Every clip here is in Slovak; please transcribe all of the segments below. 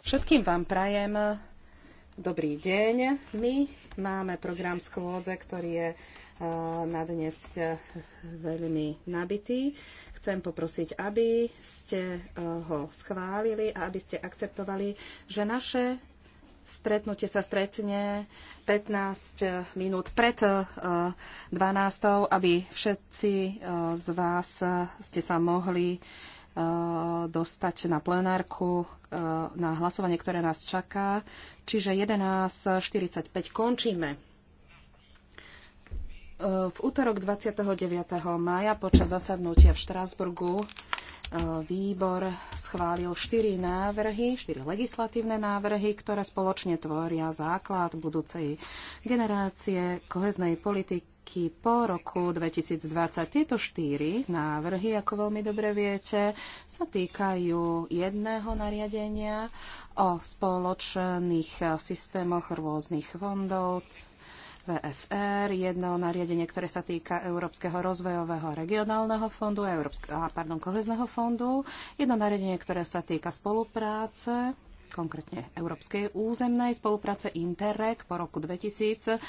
Všetkým vám prajem dobrý deň. My máme program skôdze, ktorý je eh, na dnes eh, veľmi nabitý. Chcem poprosiť, aby ste eh, ho schválili a aby ste akceptovali, že naše stretnutie sa stretne 15 minút pred 12, aby všetci z vás ste sa mohli Eh, dostať na plenárku eh, na hlasovanie, ktoré nás čaká. Čiže 11.45 končíme. Eh, v útorok 29. mája počas zasadnutia v Štrásburgu výbor schválil štyri návrhy, štyri legislatívne návrhy, ktoré spoločne tvoria základ budúcej generácie koheznej politiky roky po roku 2020. Tieto štyri návrhy, ako veľmi dobre viete, sa týkajú jedného nariadenia o spoločných systémoch rôznych fondov, VFR, jedno nariadenie, ktoré sa týka Európskeho rozvojového regionálneho fondu, Európskeho, pardon, kohezného fondu, jedno nariadenie, ktoré sa týka spolupráce konkrétne Európskej územnej spolupráce Interreg po roku 2020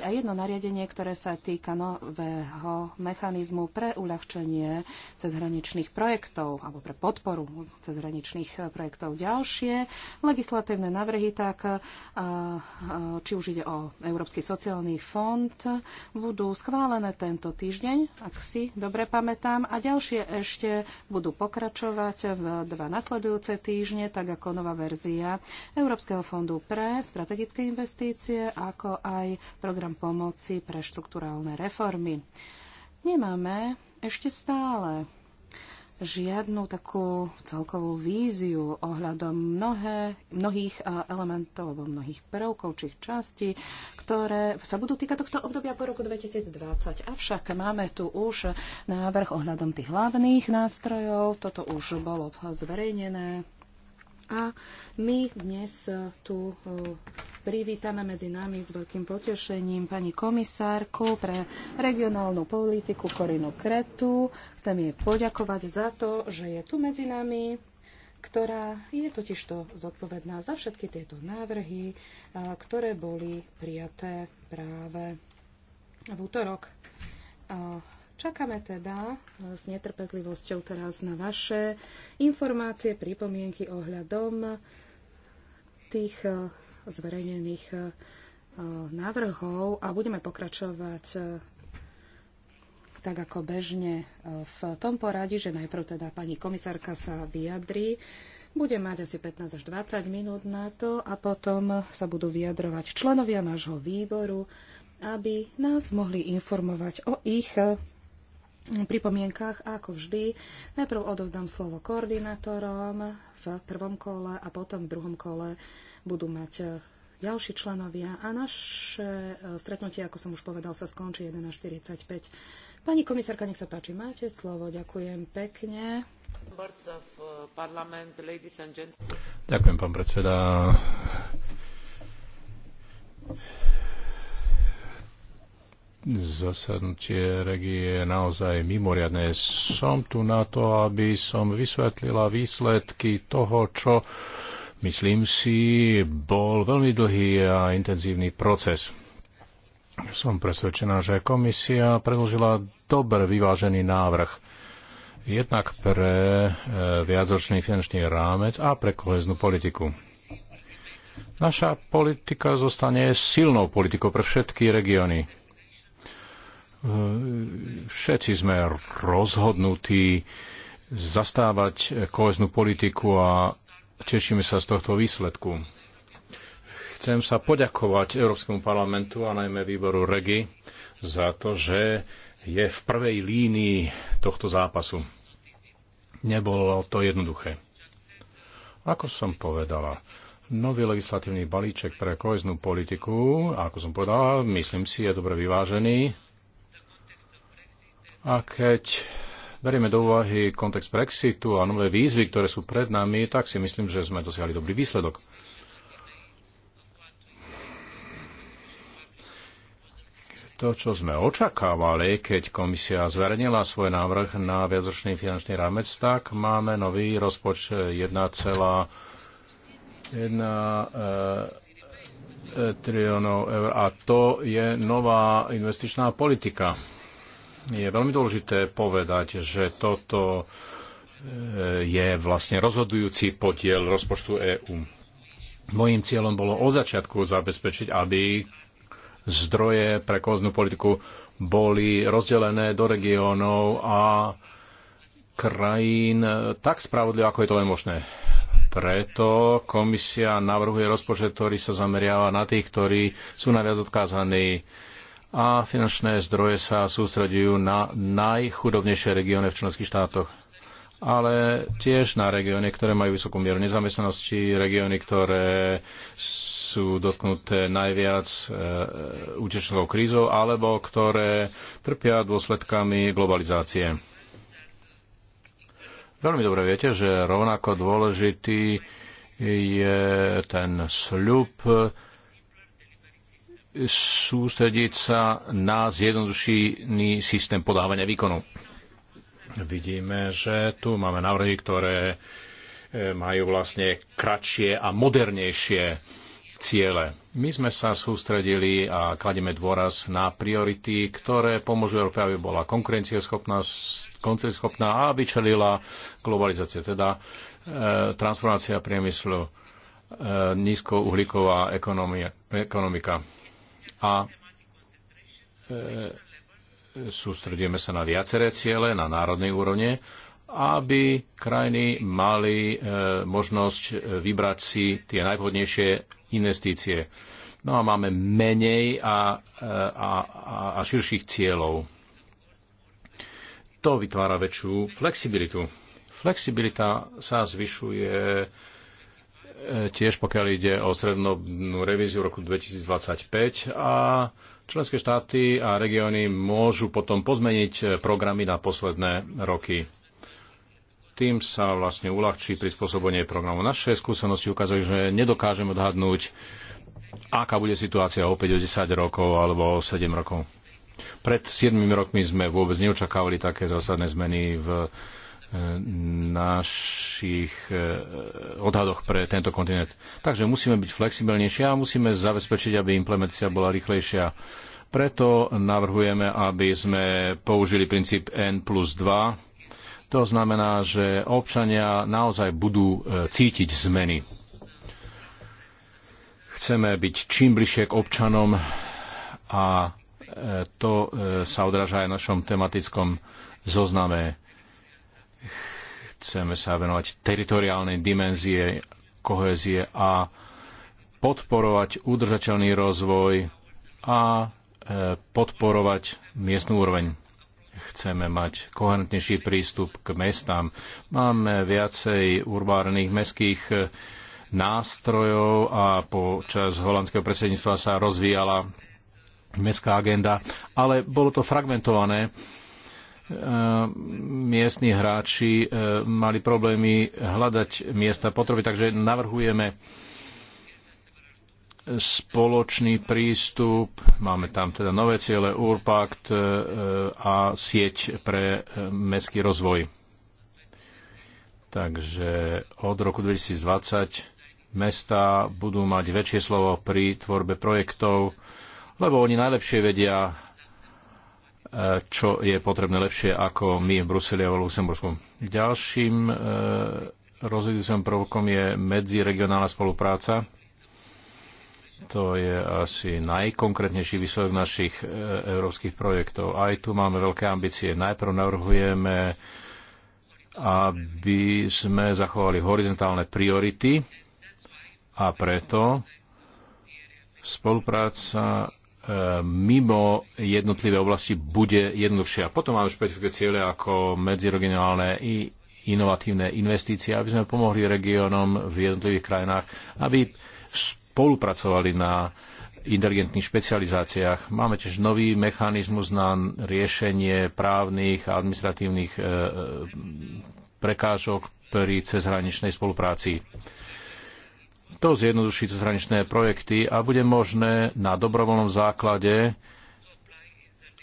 a jedno nariadenie, ktoré sa týka nového mechanizmu pre uľahčenie cezhraničných projektov alebo pre podporu cezhraničných projektov. Ďalšie legislatívne návrhy, tak či už ide o Európsky sociálny fond, budú schválené tento týždeň, ak si dobre pamätám, a ďalšie ešte budú pokračovať v dva nasledujúce týždne, tak ako nová verzia Európskeho fondu pre strategické investície, ako aj program pomoci pre štruktúrálne reformy. Nemáme ešte stále žiadnu takú celkovú víziu ohľadom mnohé, mnohých eh, elementov alebo mnohých prvkov či častí, ktoré sa budú týkať tohto obdobia po roku 2020. Avšak máme tu už návrh ohľadom tých hlavných nástrojov. Toto už bolo zverejnené a my dnes eh, tu eh, privítame medzi nami s veľkým potešením pani komisárku pre regionálnu politiku Korinu Kretu. Chcem jej poďakovať za to, že je tu medzi nami ktorá je totižto zodpovedná za všetky tieto návrhy, eh, ktoré boli prijaté práve v útorok Čakáme teda e, s netrpezlivosťou teraz na vaše informácie, pripomienky ohľadom tých e, zverejnených e, návrhov a budeme pokračovať tak ako bežne v tom poradí, že najprv teda pani komisárka sa vyjadrí. Bude mať asi 15 až 20 minút na to a potom sa budú vyjadrovať členovia nášho výboru, aby nás mohli informovať o ich pripomienkach ako vždy najprv odovzdám slovo koordinátorom v prvom kole a potom v druhom kole budú mať eh, ďalší členovia a naše eh, stretnutie, ako som už povedal, sa skončí 11.45. Pani komisárka, nech sa páči, máte slovo. Ďakujem pekne. Eh, Ďakujem, pán predseda zasadnutie regie je naozaj mimoriadné. Som tu na to, aby som vysvetlila výsledky toho, čo myslím si, bol veľmi dlhý a intenzívny proces. Som presvedčená, že komisia predložila dobre vyvážený návrh. Jednak pre eh, viacročný finančný rámec a pre koheznú politiku. Naša politika zostane silnou politikou pre všetky regióny Ehm, všetci sme rozhodnutí zastávať koheznú politiku a tešíme sa z tohto výsledku. Chcem sa poďakovať Európskemu parlamentu a najmä výboru REGI za to, že je v prvej línii tohto zápasu. Nebolo to jednoduché. Ako som povedala, nový legislatívny balíček pre koheznú politiku, ako som povedala, myslím si, je dobre vyvážený a keď berieme do úvahy kontext Brexitu a nové výzvy, ktoré sú pred nami, tak si myslím, že sme dosiahli dobrý výsledok. To, čo sme očakávali, keď komisia zverejnila svoj návrh na viacročný finančný rámec, tak máme nový rozpočet 1,1 e, triliónov eur a to je nová investičná politika je veľmi dôležité povedať, že toto e, je vlastne rozhodujúci podiel rozpočtu EÚ. Mojím cieľom bolo od začiatku zabezpečiť, aby zdroje pre koznú politiku boli rozdelené do regiónov a krajín tak spravodlivo, ako je to len možné. Preto komisia navrhuje rozpočet, ktorý sa zameriava na tých, ktorí sú najviac odkázaní a finančné zdroje sa sústredujú na najchudobnejšie regióny v členských štátoch ale tiež na regióny, ktoré majú vysokú mieru nezamestnanosti, regióny, ktoré sú dotknuté najviac e, krízou, alebo ktoré trpia dôsledkami globalizácie. Veľmi dobre viete, že rovnako dôležitý je ten sľub, sústrediť sa na zjednodušený systém podávania výkonu. Vidíme, že tu máme návrhy, ktoré e, majú vlastne kratšie a modernejšie ciele. My sme sa sústredili a kladieme dôraz na priority, ktoré pomôžu Európe, aby bola konkurencieschopná, konkurencieschopná a aby čelila globalizácie, teda e, transformácia priemyslu, e, nízkouhlíková ekonomia, ekonomika a e, sústredujeme sa na viaceré ciele na národnej úrovne, aby krajiny mali e, možnosť vybrať si tie najvhodnejšie investície. No a máme menej a, e, a, a, a širších cieľov. To vytvára väčšiu flexibilitu. Flexibilita sa zvyšuje E, tiež pokiaľ ide o srednú revíziu roku 2025 a členské štáty a regióny môžu potom pozmeniť e, programy na posledné roky. Tým sa vlastne uľahčí prispôsobenie programu. Naše skúsenosti ukazujú, že nedokážeme odhadnúť, aká bude situácia o 5, o 10 rokov alebo o 7 rokov. Pred 7 rokmi sme vôbec neočakávali také zásadné zmeny v našich e, odhadoch pre tento kontinent. Takže musíme byť flexibilnejší a musíme zabezpečiť, aby implementácia bola rýchlejšia. Preto navrhujeme, aby sme použili princíp N plus 2. To znamená, že občania naozaj budú e, cítiť zmeny. Chceme byť čím bližšie k občanom a e, to sa odráža aj v našom tematickom zozname Chceme sa venovať teritoriálnej dimenzie, kohézie a podporovať udržateľný rozvoj a e, podporovať miestnú úroveň. Chceme mať koherentnejší prístup k mestám. Máme viacej urbárnych mestských e, nástrojov a počas holandského predsedníctva sa rozvíjala mestská agenda, ale bolo to fragmentované Eh, miestni hráči eh, mali problémy hľadať miesta potreby, takže navrhujeme spoločný prístup, máme tam teda nové ciele, Urpact eh, a sieť pre mestský rozvoj. Takže od roku 2020 mesta budú mať väčšie slovo pri tvorbe projektov, lebo oni najlepšie vedia, čo je potrebné lepšie ako my v Bruseli a v Luxembursku. Ďalším e, rozhodujúcim prvkom je medziregionálna spolupráca. To je asi najkonkrétnejší výsledok našich e, európskych projektov. Aj tu máme veľké ambície. Najprv navrhujeme, aby sme zachovali horizontálne priority a preto spolupráca mimo jednotlivé oblasti bude A Potom máme špecifické ciele ako medziregionálne i inovatívne investície, aby sme pomohli regiónom v jednotlivých krajinách, aby spolupracovali na inteligentných špecializáciách. Máme tiež nový mechanizmus na riešenie právnych a administratívnych e, e, prekážok pri cezhraničnej spolupráci. To zjednoduší cezhraničné projekty a bude možné na dobrovoľnom základe,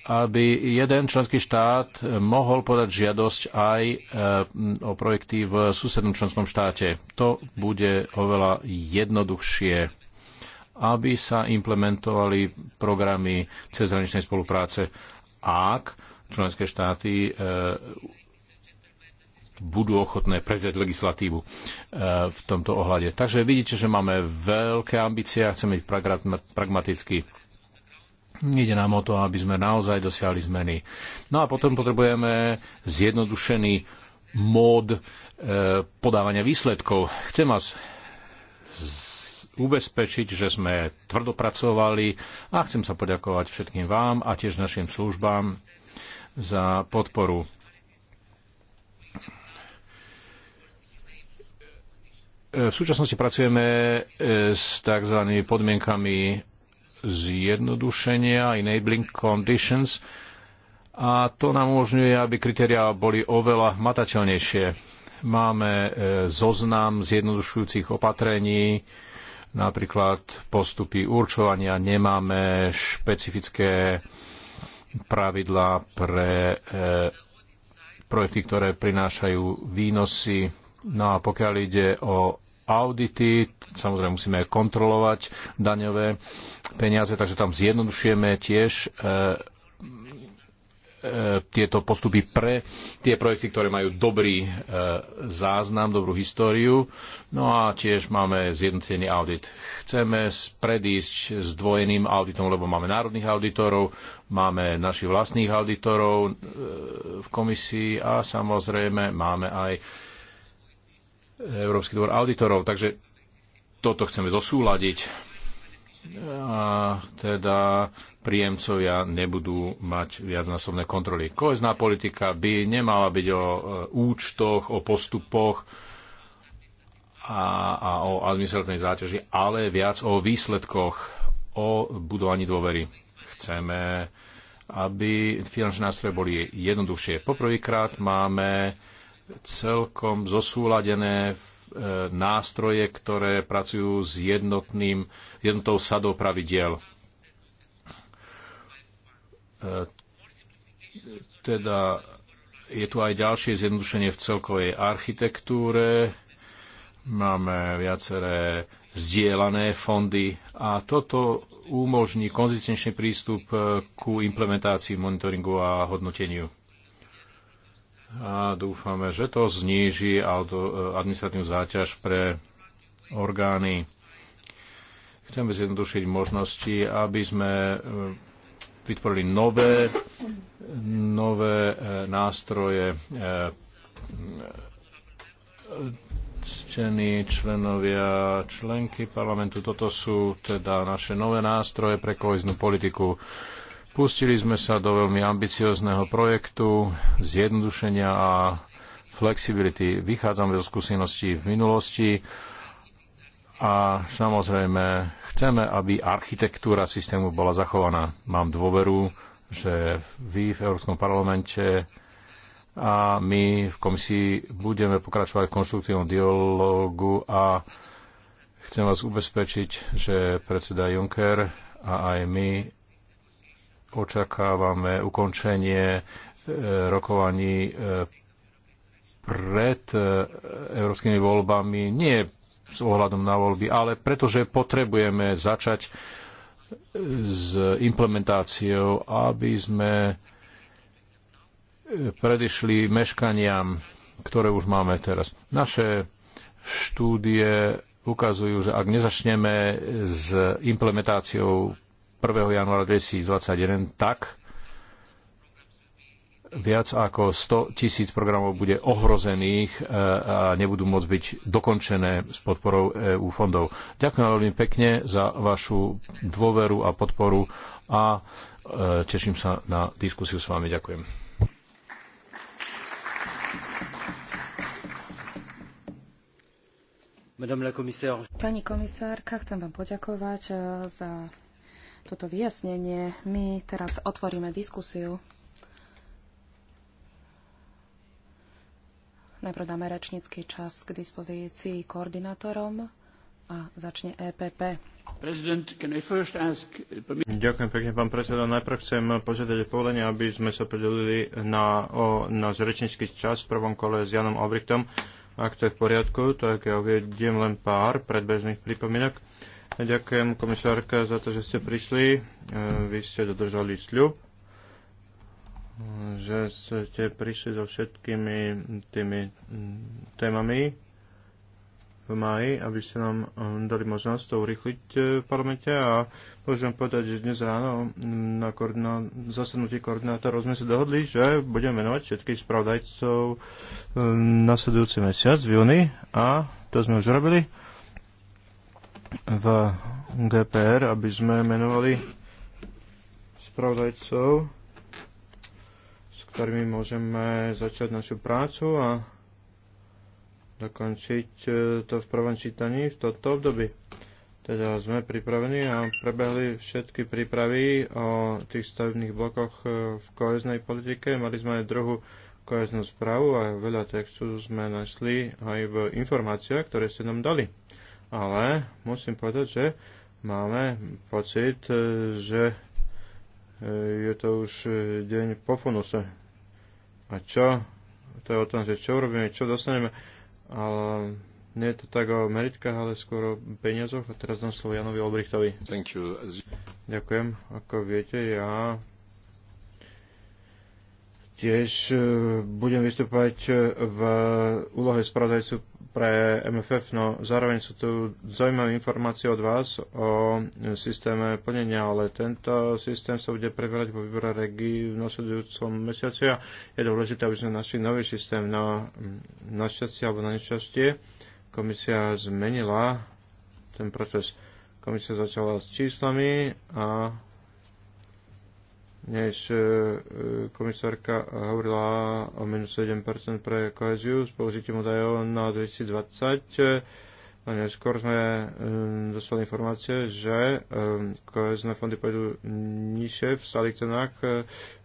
aby jeden členský štát mohol podať žiadosť aj e, o projekty v susednom členskom štáte. To bude oveľa jednoduchšie, aby sa implementovali programy cezhraničnej spolupráce, ak členské štáty e, budú ochotné prezrieť legislatívu e, v tomto ohľade. Takže vidíte, že máme veľké ambície a chceme byť pragmaticky. Ide nám o to, aby sme naozaj dosiahli zmeny. No a potom potrebujeme zjednodušený mód e, podávania výsledkov. Chcem vás ubezpečiť, že sme tvrdopracovali a chcem sa poďakovať všetkým vám a tiež našim službám za podporu. E, v súčasnosti pracujeme e, s tzv. podmienkami zjednodušenia, enabling conditions, a to nám umožňuje, aby kritériá boli oveľa matateľnejšie. Máme e, zoznam zjednodušujúcich opatrení, napríklad postupy určovania, nemáme špecifické pravidlá pre projekty, ktoré prinášajú výnosy No a pokiaľ ide o audity, samozrejme musíme kontrolovať daňové peniaze, takže tam zjednodušujeme tiež e, e, tieto postupy pre tie projekty, ktoré majú dobrý e, záznam, dobrú históriu. No a tiež máme zjednotený audit. Chceme predísť s dvojeným auditom, lebo máme národných auditorov, máme našich vlastných auditorov v komisii a samozrejme máme aj Európsky dvor auditorov. Takže toto chceme zosúľadiť. A teda príjemcovia nebudú mať viacnásobné kontroly. Kohezná politika by nemala byť o e, účtoch, o postupoch, a, a o administratívnej záťaži, ale viac o výsledkoch, o budovaní dôvery. Chceme, aby finančné nástroje boli jednoduchšie. Poprvýkrát máme celkom zosúladené e, nástroje, ktoré pracujú s jednotným, jednotou sadou pravidiel. E, teda je tu aj ďalšie zjednodušenie v celkovej architektúre. Máme viaceré zdieľané fondy a toto umožní konzistenčný prístup e, ku implementácii monitoringu a hodnoteniu a dúfame, že to zníži e, administratívnu záťaž pre orgány. Chceme zjednodušiť možnosti, aby sme e, vytvorili nové, nové e, nástroje ctení členovia, členky parlamentu. Toto sú teda naše nové nástroje pre koheznú politiku Pustili sme sa do veľmi ambiciozného projektu zjednodušenia a flexibility. Vychádzame zo skúseností v minulosti a samozrejme chceme, aby architektúra systému bola zachovaná. Mám dôveru, že vy v Európskom parlamente a my v komisii budeme pokračovať v konštruktívnom dialogu a chcem vás ubezpečiť, že predseda Juncker a aj my očakávame ukončenie e, rokovaní e, pred e, európskymi voľbami, nie s ohľadom na voľby, ale pretože potrebujeme začať s implementáciou, aby sme predišli meškaniam, ktoré už máme teraz. Naše štúdie ukazujú, že ak nezačneme s implementáciou 1. januára 2021, tak viac ako 100 tisíc programov bude ohrozených e, a nebudú môcť byť dokončené s podporou EU fondov. Ďakujem veľmi pekne za vašu dôveru a podporu a e, teším sa na diskusiu s vami. Ďakujem. Pani komisárka, chcem vám poďakovať e, za toto vyjasnenie. My teraz otvoríme diskusiu. Najprv dáme rečnícky čas k dispozícii koordinátorom a začne EPP. Ask... Uh, Ďakujem pekne, pán predseda. Najprv chcem požiadať o povolenie, aby sme sa podelili na, o náš rečnícky čas v prvom kole s Janom Obrichtom. Ak to je v poriadku, tak ja uvediem len pár predbežných pripomienok. Ďakujem komisárka za to, že ste prišli. E, vy ste dodržali sľub, že ste prišli so všetkými tými témami v máji, aby ste nám dali možnosť to urychliť e, v parlamente a môžem povedať, že dnes ráno na koordina- zasadnutí koordinátorov sme sa dohodli, že budeme venovať všetkých spravodajcov nasledujúci mesiac v júni a to sme už robili v GPR, aby sme menovali spravodajcov, s ktorými môžeme začať našu prácu a dokončiť e, to v prvom čítaní v toto období. Teda sme pripravení a prebehli všetky prípravy o tých stavebných blokoch e, v koheznej politike. Mali sme aj druhú koheznú správu a veľa textu sme našli aj v informáciách, ktoré ste nám dali ale musím povedať, že máme pocit, e, že e, je to už e, deň po funuse. A čo? To je o tom, že čo urobíme, čo dostaneme. Ale nie je to tak o meritkách, ale skôr o peniazoch. A teraz dám slovo Janovi Olbrichtovi. Thank you. Ďakujem. Ako viete, ja tiež budem vystúpať v úlohe spravodajcu pre MFF, no zároveň sú tu zaujímavé informácie od vás o systéme plnenia, ale tento systém sa bude preberať vo výbore regí v nasledujúcom mesiaci a je dôležité, aby sme našli nový systém na no, našťastie alebo na nešťastie. Komisia zmenila ten proces. Komisia začala s číslami a než e, e, komisárka hovorila o minus 7% pre koheziu s použitím údajov na 2020. E, a neskôr sme dostali informácie, že kohezné fondy pôjdu nižšie v stálych cenách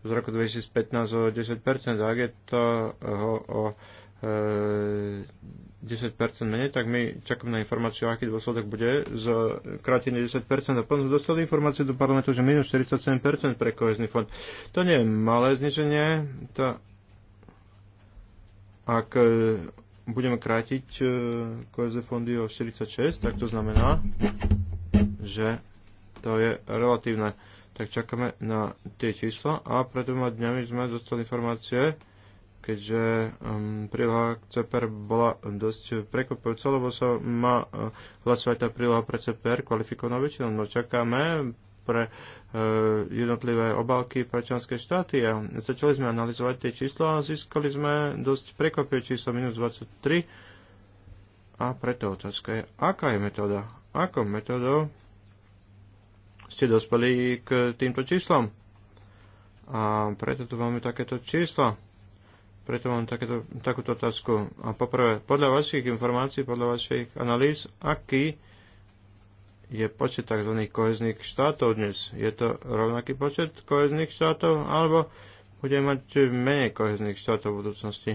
z roku 2015 o 10%. Ak je to o, o 10% menej, tak my čakáme na informáciu, aký dôsledok bude z krátenie 10%. A potom dostali informáciu do parlamentu, že minus 47% pre kohezný fond. To nie je malé zniženie. To, ak e, budeme krátiť e, kohezné fondy o 46, tak to znamená, že to je relatívne. Tak čakáme na tie čísla a pred dvoma dňami sme dostali informácie, keďže um, príloha k CPR bola dosť prekvapujúca, lebo sa má uh, hlasovať tá príloha pre CPR kvalifikovanou väčšinou. No čakáme pre uh, jednotlivé obálky pre členské štáty a začali sme analyzovať tie čísla a získali sme dosť prekvapivé číslo minus 23 a preto otázka je, aká je metóda? Ako metódou ste dospeli k týmto číslom? A preto tu máme takéto čísla. Preto mám takéto, takúto otázku. A poprvé, podľa vašich informácií, podľa vašich analýz, aký je počet tzv. kohezných štátov dnes? Je to rovnaký počet kohezných štátov, alebo budeme mať menej kohezných štátov v budúcnosti?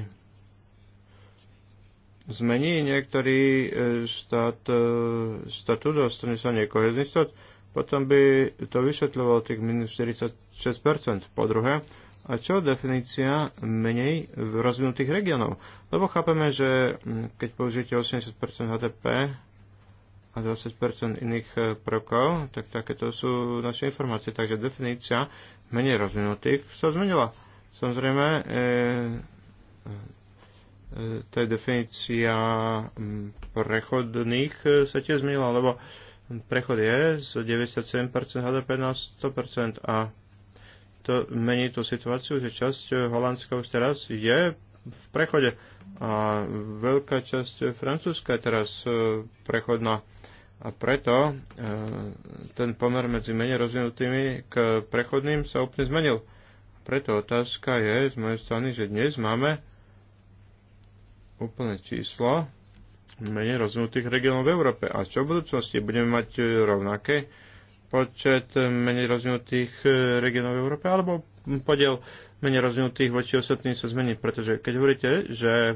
Zmení niektorý e, štát e, štatút, ostane sa nekohezný štát, potom by to vysvetľovalo tých minus 46%. Po druhé, a čo definícia menej v rozvinutých regiónov? Lebo chápeme, že mm, keď použijete 80% HDP a 20% iných e, prvkov, tak takéto sú naše informácie. Takže definícia menej rozvinutých sa zmenila. Samozrejme, e, e, e tá definícia mm, prechodných e, sa tiež zmenila, lebo prechod je z 97% HDP na 100% a to mení tú situáciu, že časť eh, Holandska už teraz je v prechode a veľká časť eh, Francúzska je teraz eh, prechodná. A preto ten pomer medzi menej rozvinutými k prechodným sa úplne zmenil. Preto otázka je z mojej strany, že dnes máme úplné číslo menej rozvinutých regiónov v Európe. A čo v budúcnosti? Budeme mať rovnaké počet menej rozvinutých e, regionov v Európe, alebo podiel menej rozvinutých voči ostatným sa zmení, pretože keď hovoríte, že e,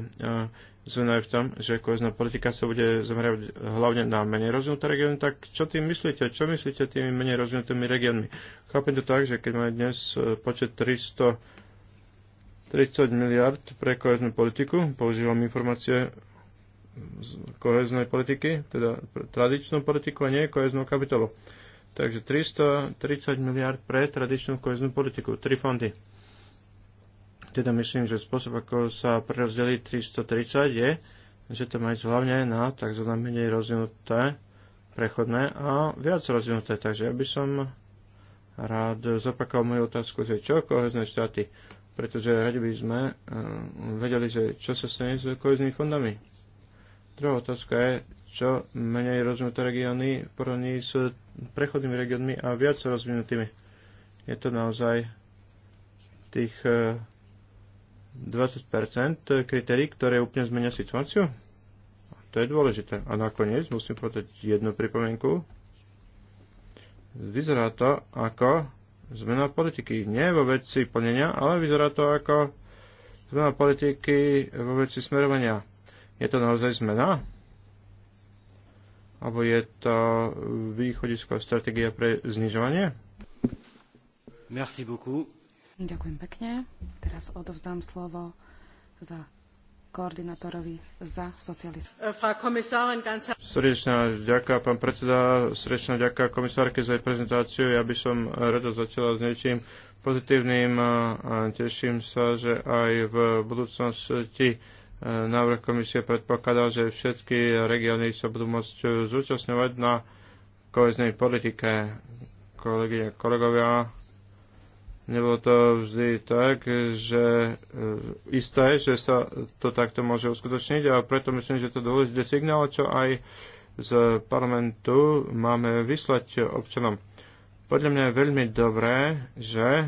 zmena je v tom, že kohezná politika sa bude zameriavať hlavne na menej rozvinuté regióny, tak čo tým myslíte? Čo myslíte tými menej rozvinutými regiónmi? Chápem to tak, že keď máme dnes e, počet 300 30 miliard pre koheznú politiku, používam informácie z koheznej politiky, teda tradičnú politiku a nie koheznú kapitolu. Takže 330 miliard pre tradičnú koheznú politiku, tri fondy. Teda myslím, že spôsob, ako sa prerozdelí 330 je, že to má ísť hlavne na tzv. menej rozvinuté prechodné a viac rozvinuté. Takže ja by som rád zopakoval moju otázku, že čo kohezné štáty? Pretože radi by sme eh, vedeli, že čo sa stane s koheznými fondami. Druhá otázka je, čo menej rozvinuté regióny v porovnaní s prechodnými regiónmi a viac rozvinutými. Je to naozaj tých 20% e, kritérií, ktoré úplne zmenia situáciu? To je dôležité. A nakoniec musím povedať jednu pripomienku. Vyzerá to ako zmena politiky. Nie vo veci plnenia, ale vyzerá to ako zmena politiky vo veci smerovania. Je to naozaj zmena? Alebo je to východisková stratégia pre znižovanie? Merci beaucoup. Ďakujem pekne. Teraz odovzdám slovo za koordinátorovi za socializmus. Eh, srdečná ďaká, pán predseda, srdečná ďaká komisárke za jej prezentáciu. Ja by som rada začala s niečím pozitívnym a teším sa, že aj v budúcnosti E, návrh komisie predpokladá, že všetky regióny sa budú môcť e, zúčastňovať na koheznej politike. Kolegyne, kolegovia, nebolo to vždy tak, že e, isté, že sa to takto môže uskutočniť a preto myslím, že to dôležité signál, čo aj z parlamentu máme vyslať občanom. Podľa mňa je veľmi dobré, že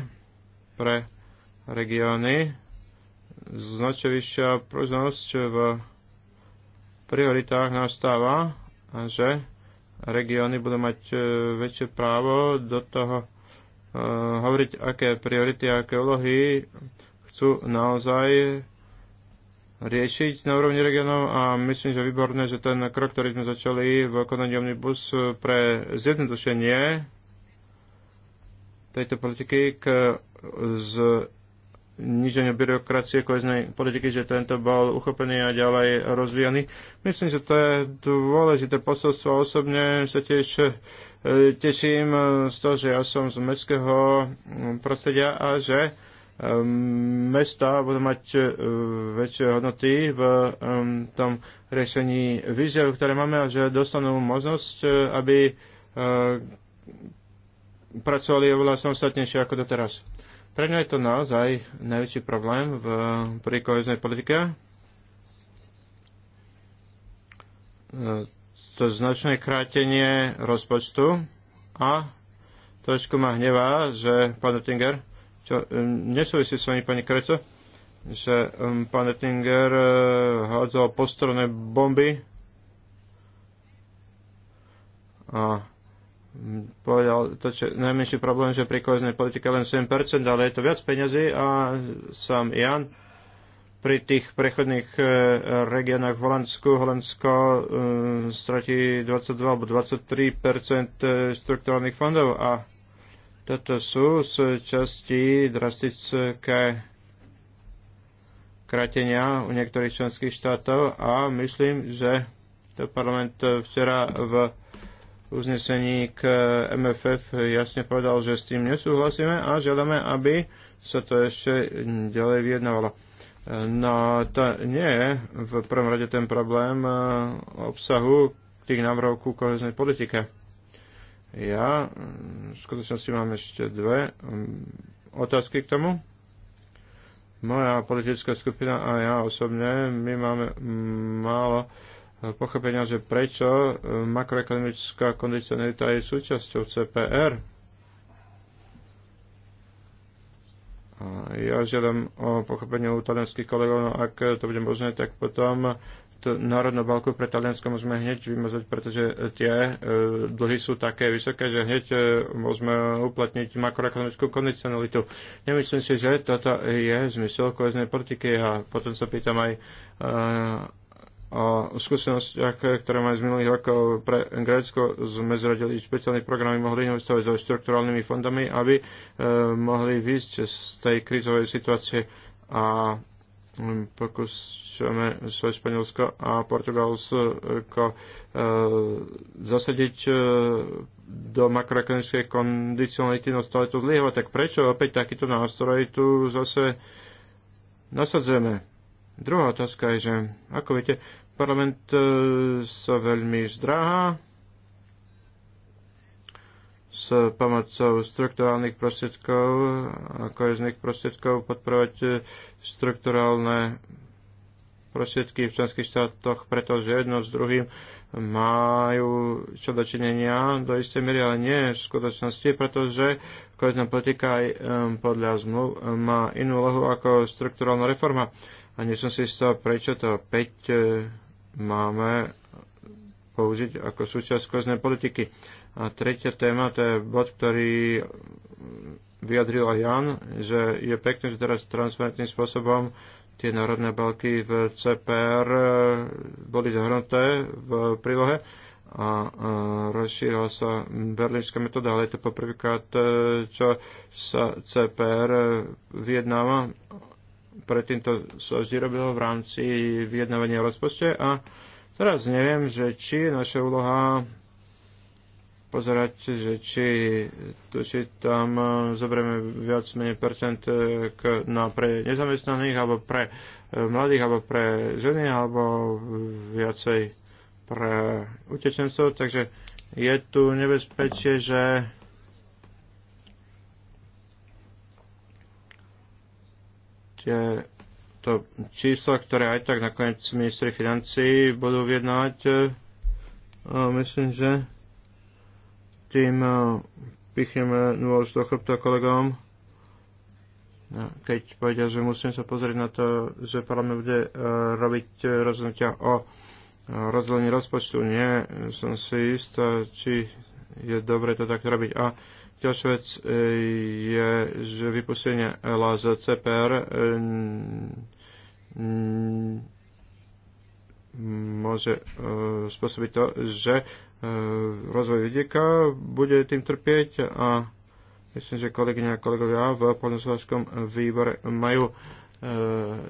pre regióny značne vyššia prúžnosť v prioritách nastáva, že regióny budú mať e, väčšie právo do toho e, hovoriť, aké priority a aké úlohy chcú naozaj riešiť na úrovni regionov a myslím, že výborné, že ten krok, ktorý sme začali v konaní Omnibus pre zjednodušenie tejto politiky k z niženia byrokracie koheznej politiky, že tento bol uchopený a ďalej rozvíjaný. Myslím, že to je dôležité posolstvo. Osobne sa tiež e, teším z toho, že ja som z mestského mm, prostredia a že mesta budú mať e, väčšie hodnoty v tom riešení víziev, ktoré máme a že dostanú možnosť, e, aby pracovali oveľa samostatnejšie ako doteraz. Pre mňa je to naozaj najväčší problém v, pri politike. E, to značné krátenie rozpočtu a trošku ma hnevá, že pán Oettinger, čo e, nesúvisí s vami pani Kreco, že e, pán Oettinger hádzal postrelné bomby a povedal to, čo najmenší problém, že pri kohezné politike len 7%, ale je to viac peňazí a sám Jan pri tých prechodných e, v Holandsku, Holandsko e, stratí 22 alebo 23 e, štruktúrnych fondov a toto sú z časti drastické kratenia u niektorých členských štátov a myslím, že to parlament včera v uznesení k eh, MFF jasne povedal, že s tým nesúhlasíme a žiadame, aby sa to ešte ďalej vyjednávalo. Eh, no to nie je v prvom rade ten problém eh, obsahu tých návrhov ku koheznej politike. Ja mm, v skutočnosti mám ešte dve mm, otázky k tomu. Moja politická skupina a ja osobne, my máme mm, málo pochopenia, že prečo e, makroekonomická kondicionalita je súčasťou CPR. Ja žiadam o pochopenie u talianských kolegov, no ak to bude možné, tak potom to národnú balku pre Taliansko môžeme hneď vymazať, pretože tie e, dlhy sú také vysoké, že hneď e, môžeme uplatniť makroekonomickú kondicionalitu. Nemyslím si, že toto je zmysel koheznej politiky a potom sa pýtam aj o skúsenostiach, ktoré majú z minulých rokov pre Grécko, sme zradili špeciálne programy, mohli investovať so štrukturálnymi fondami, aby e, mohli výjsť z tej krízovej situácie a mm, pokúšame sa Španielsko a Portugalsko e, zasadiť e, do makroekonomickej kondicionality, no stále to zlyháva. Tak prečo opäť takýto nástroj tu zase nasadzujeme? Druhá otázka je, že ako viete, parlament e, sa veľmi zdráha s pomocou strukturálnych prostriedkov a kohezných prostriedkov podporovať e, strukturálne prostriedky v členských štátoch, pretože jedno s druhým majú čo dočinenia do istej miery, ale nie v skutočnosti, pretože kohezná politika aj e, podľa zmluv má inú lohu ako strukturálna reforma. A nie som si istá, prečo to 5 e, máme použiť ako súčasť koznej politiky. A tretia téma, to je bod, ktorý vyjadril aj Jan, že je pekné, že teraz transparentným spôsobom tie národné balky v CPR e, boli zahrnuté v prílohe a rozšírila sa berlínska metóda, ale je to poprvýkrát, e, čo sa CPR vyjednáva predtým to sa vždy robilo v rámci vyjednávania o rozpočte a teraz neviem, že či je naša úloha pozerať, že či, to, či tam e, zoberieme viac menej percent e, k, na pre nezamestnaných, alebo pre e, mladých, alebo pre ženy, alebo viacej pre utečencov. Takže je tu nebezpečie, že to číslo, ktoré aj tak nakoniec ministri financí budú vyjednávať. E, myslím, že tým e, pichneme nôž do chrbta kolegom keď povedia, že musím sa pozrieť na to, že parlament bude e, robiť rozhodnutia o rozdelení rozpočtu. Nie som si istý, či je dobre to tak robiť. A Ďalšia vec e, je, že vypustenie ELA z CPR e, môže e, spôsobiť to, že rozvoj vidieka bude tým trpieť a myslím, že kolegyňa a kolegovia v poľnohospodárskom výbore majú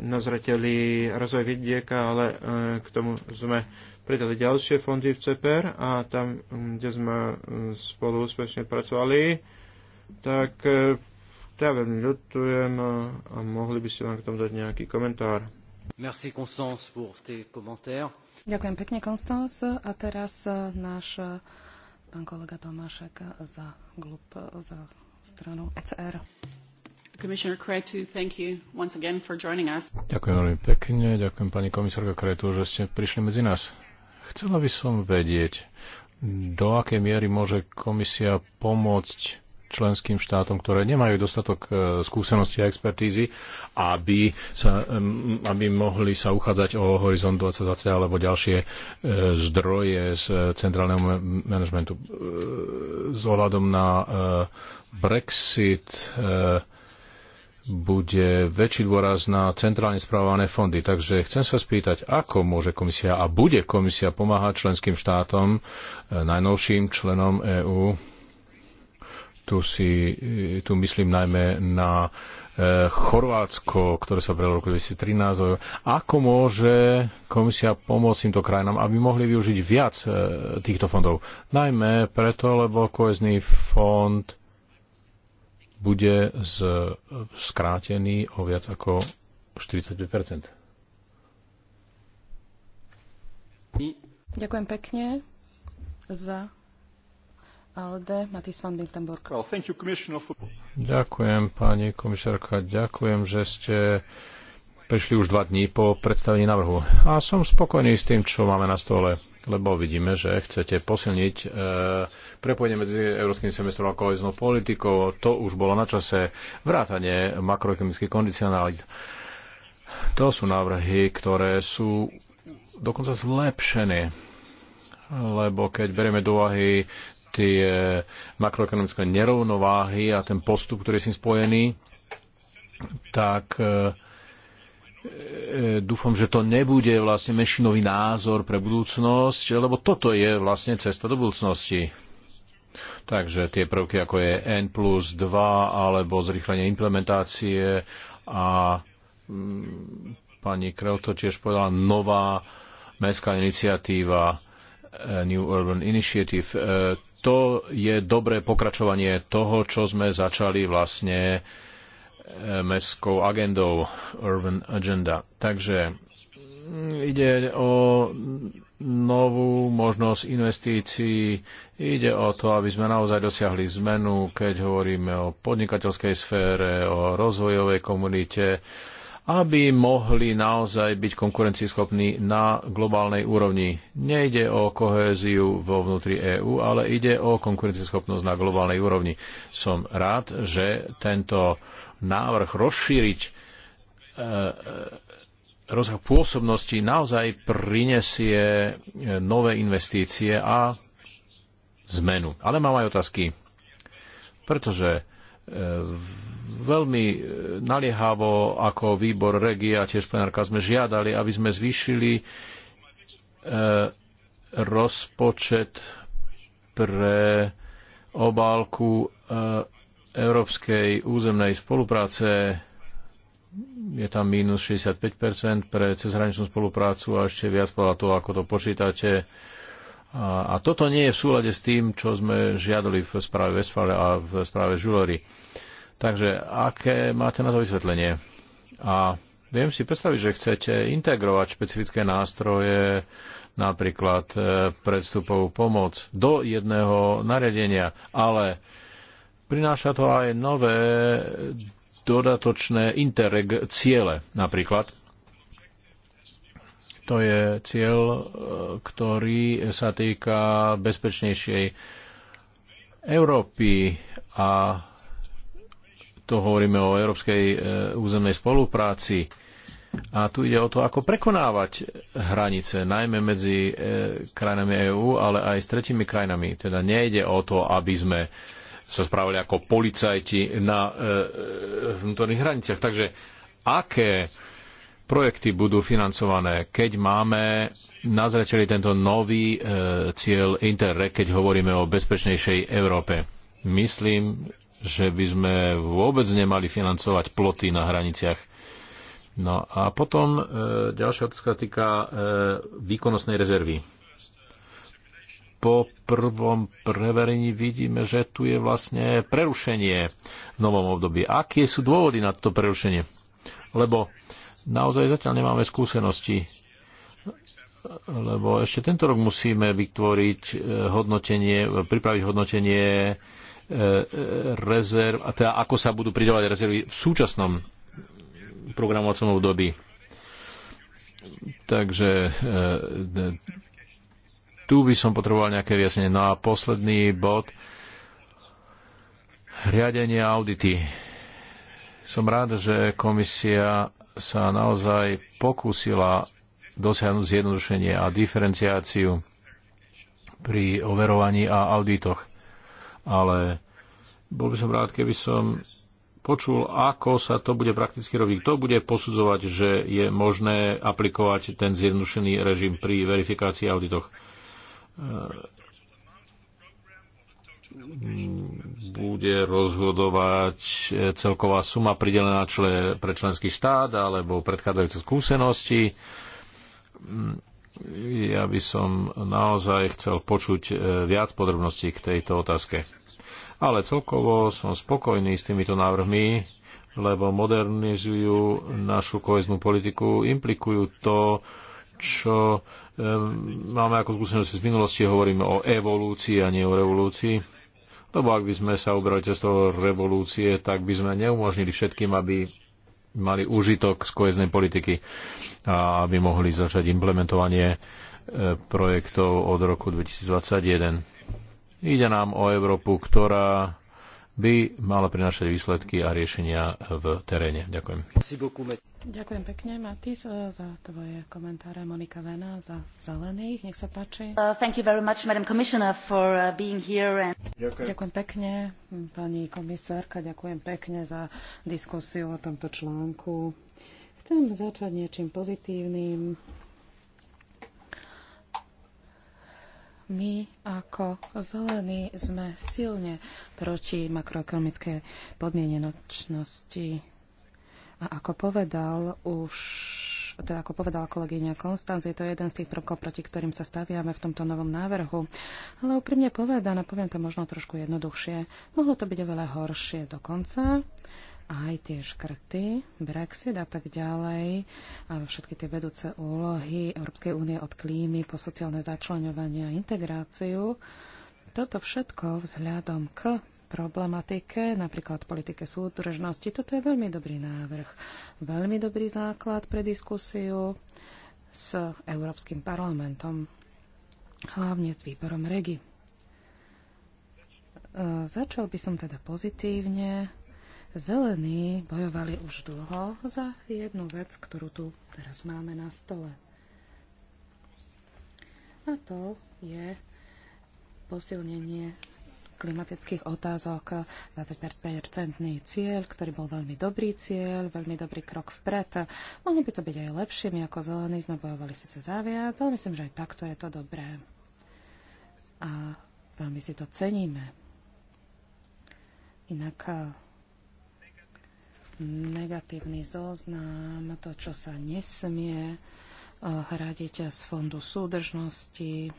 na zreteli rozvoj vidieka, ale k tomu sme pridali ďalšie fondy v CPR a tam, mm, kde sme mm, spolu úspešne pracovali, tak e, ja veľmi ľutujem a mohli by ste vám k tomu dať nejaký komentár. Merci Constance pour tes commentaires. Ďakujem pekne, Konstans. A teraz e, náš e, pán kolega Tomášek za, glup, za stranu ECR. Ďakujem veľmi pekne, ďakujem pani komisárka Kretu, že ste prišli medzi nás. Chcela by som vedieť, do akej miery môže komisia pomôcť členským štátom, ktoré nemajú dostatok e, skúsenosti a expertízy, aby, sa, aby mohli sa uchádzať o Horizon 2020 alebo ďalšie e, zdroje z e, centrálneho managementu. S ohľadom na Brexit bude väčší dôraz na centrálne správované fondy. Takže chcem sa spýtať, ako môže komisia a bude komisia pomáhať členským štátom, e, najnovším členom EÚ. Tu, si, e, tu myslím najmä na e, Chorvátsko, ktoré sa prelo v roku 2013. Ako môže komisia pomôcť týmto krajinám, aby mohli využiť viac týchto fondov? Najmä preto, lebo kohezný fond bude z, skrátený o viac ako 45 Ďakujem pekne za ALDE Matis van Miltenburg. Well, you, for... Ďakujem, pani komisárka, ďakujem, že ste prišli už dva dní po predstavení návrhu. A som spokojný s tým, čo máme na stole lebo vidíme, že chcete posilniť e, prepojenie medzi európskym semestrom a koheznou politikou. To už bolo na čase vrátanie makroekonomických kondicionálit. To sú návrhy, ktoré sú dokonca zlepšené, lebo keď berieme do úvahy tie makroekonomické nerovnováhy a ten postup, ktorý je s tým spojený, tak e, E, dúfam, že to nebude vlastne menšinový názor pre budúcnosť, lebo toto je vlastne cesta do budúcnosti. Takže tie prvky ako je N plus 2 alebo zrýchlenie implementácie a m, mm, pani Krell to tiež povedala nová mestská iniciatíva e, New Urban Initiative. E, to je dobré pokračovanie toho, čo sme začali vlastne mestskou agendou Urban Agenda. Takže ide o novú možnosť investícií, ide o to, aby sme naozaj dosiahli zmenu, keď hovoríme o podnikateľskej sfére, o rozvojovej komunite, aby mohli naozaj byť konkurencieschopní na globálnej úrovni. Nejde o kohéziu vo vnútri EÚ, ale ide o konkurencieschopnosť na globálnej úrovni. Som rád, že tento návrh rozšíriť e, e, rozsah pôsobnosti naozaj prinesie e, nové investície a zmenu. Ale mám aj otázky, pretože veľmi naliehavo ako výbor regia a tiež plenárka sme žiadali, aby sme zvýšili rozpočet pre obálku európskej územnej spolupráce je tam mínus 65% pre cezhraničnú spoluprácu a ešte viac podľa toho, ako to počítate. A, a toto nie je v súlade s tým, čo sme žiadali v správe Westfale a v správe Žulery. Takže aké máte na to vysvetlenie? A viem si predstaviť, že chcete integrovať špecifické nástroje, napríklad eh, predstupovú pomoc do jedného nariadenia, ale Prináša to aj nové dodatočné interreg ciele napríklad. To je cieľ, e, ktorý sa týka bezpečnejšej Európy a to hovoríme o európskej e, územnej spolupráci. A tu ide o to, ako prekonávať hranice, najmä medzi e, krajinami EÚ, ale aj s tretimi krajinami. Teda nejde o to, aby sme sa správali ako policajti na e, e, vnútorných hraniciach. Takže aké projekty budú financované, keď máme na zreteli tento nový e, cieľ Interreg, keď hovoríme o bezpečnejšej Európe. Myslím, že by sme vôbec nemali financovať ploty na hraniciach. No a potom e, ďalšia otázka týka e, výkonnostnej rezervy po prvom preverení vidíme, že tu je vlastne prerušenie v novom období. Aké sú dôvody na to prerušenie? Lebo naozaj zatiaľ nemáme skúsenosti, lebo ešte tento rok musíme vytvoriť eh, hodnotenie, pripraviť hodnotenie eh, rezerv, a teda ako sa budú pridávať rezervy v súčasnom programovacom období. Takže eh, tu by som potreboval nejaké vyjasnenie. No a posledný bod. Riadenie audity. Som rád, že komisia sa naozaj pokúsila dosiahnuť zjednodušenie a diferenciáciu pri overovaní a auditoch. Ale bol by som rád, keby som počul, ako sa to bude prakticky robiť. Kto bude posudzovať, že je možné aplikovať ten zjednodušený režim pri verifikácii auditoch? bude rozhodovať celková suma pridelená člen, pre členský štát alebo predchádzajúce skúsenosti. Ja by som naozaj chcel počuť eh, viac podrobností k tejto otázke. Ale celkovo som spokojný s týmito návrhmi, lebo modernizujú našu koheznú politiku, implikujú to, čo máme ako skúsenosti z minulosti, hovoríme o evolúcii a nie o revolúcii. Lebo ak by sme sa uberali cestou revolúcie, tak by sme neumožnili všetkým, aby mali užitok z koheznej politiky a aby mohli začať implementovanie e, projektov od roku 2021. Ide nám o Európu, ktorá by mala prinašať výsledky a riešenia v teréne. Ďakujem. Ďakujem pekne, Matis, e, za tvoje komentáre. Monika Vena za Zelených. Nech sa páči. Uh, uh, ďakujem. ďakujem pekne, pani komisárka. Ďakujem pekne za diskusiu o tomto článku. Chcem začať niečím pozitívnym My ako zelení sme silne proti makroekonomickej podmienenočnosti. A ako povedal už teda ako povedala kolegyňa Konstanz, je to jeden z tých prvkov, proti ktorým sa staviame v tomto novom návrhu. Ale úprimne povedané, poviem to možno trošku jednoduchšie, mohlo to byť oveľa horšie dokonca aj tie škrty, Brexit a tak ďalej, a všetky tie vedúce úlohy Európskej únie od klímy po sociálne začlenovanie a integráciu. Toto všetko vzhľadom k problematike, napríklad politike súdržnosti, toto je veľmi dobrý návrh, veľmi dobrý základ pre diskusiu s Európskym parlamentom, hlavne s výborom REGI. E, začal by som teda pozitívne Zelení bojovali už dlho za jednu vec, ktorú tu teraz máme na stole. A to je posilnenie klimatických otázok, 25-percentný cieľ, ktorý bol veľmi dobrý cieľ, veľmi dobrý krok vpred. Mohlo by to byť aj lepšie, my ako zelení sme bojovali síce za viac, ale myslím, že aj takto je to dobré. A veľmi si to ceníme. Inak negatívny zoznam, to, čo sa nesmie eh, hradiť z fondu súdržnosti.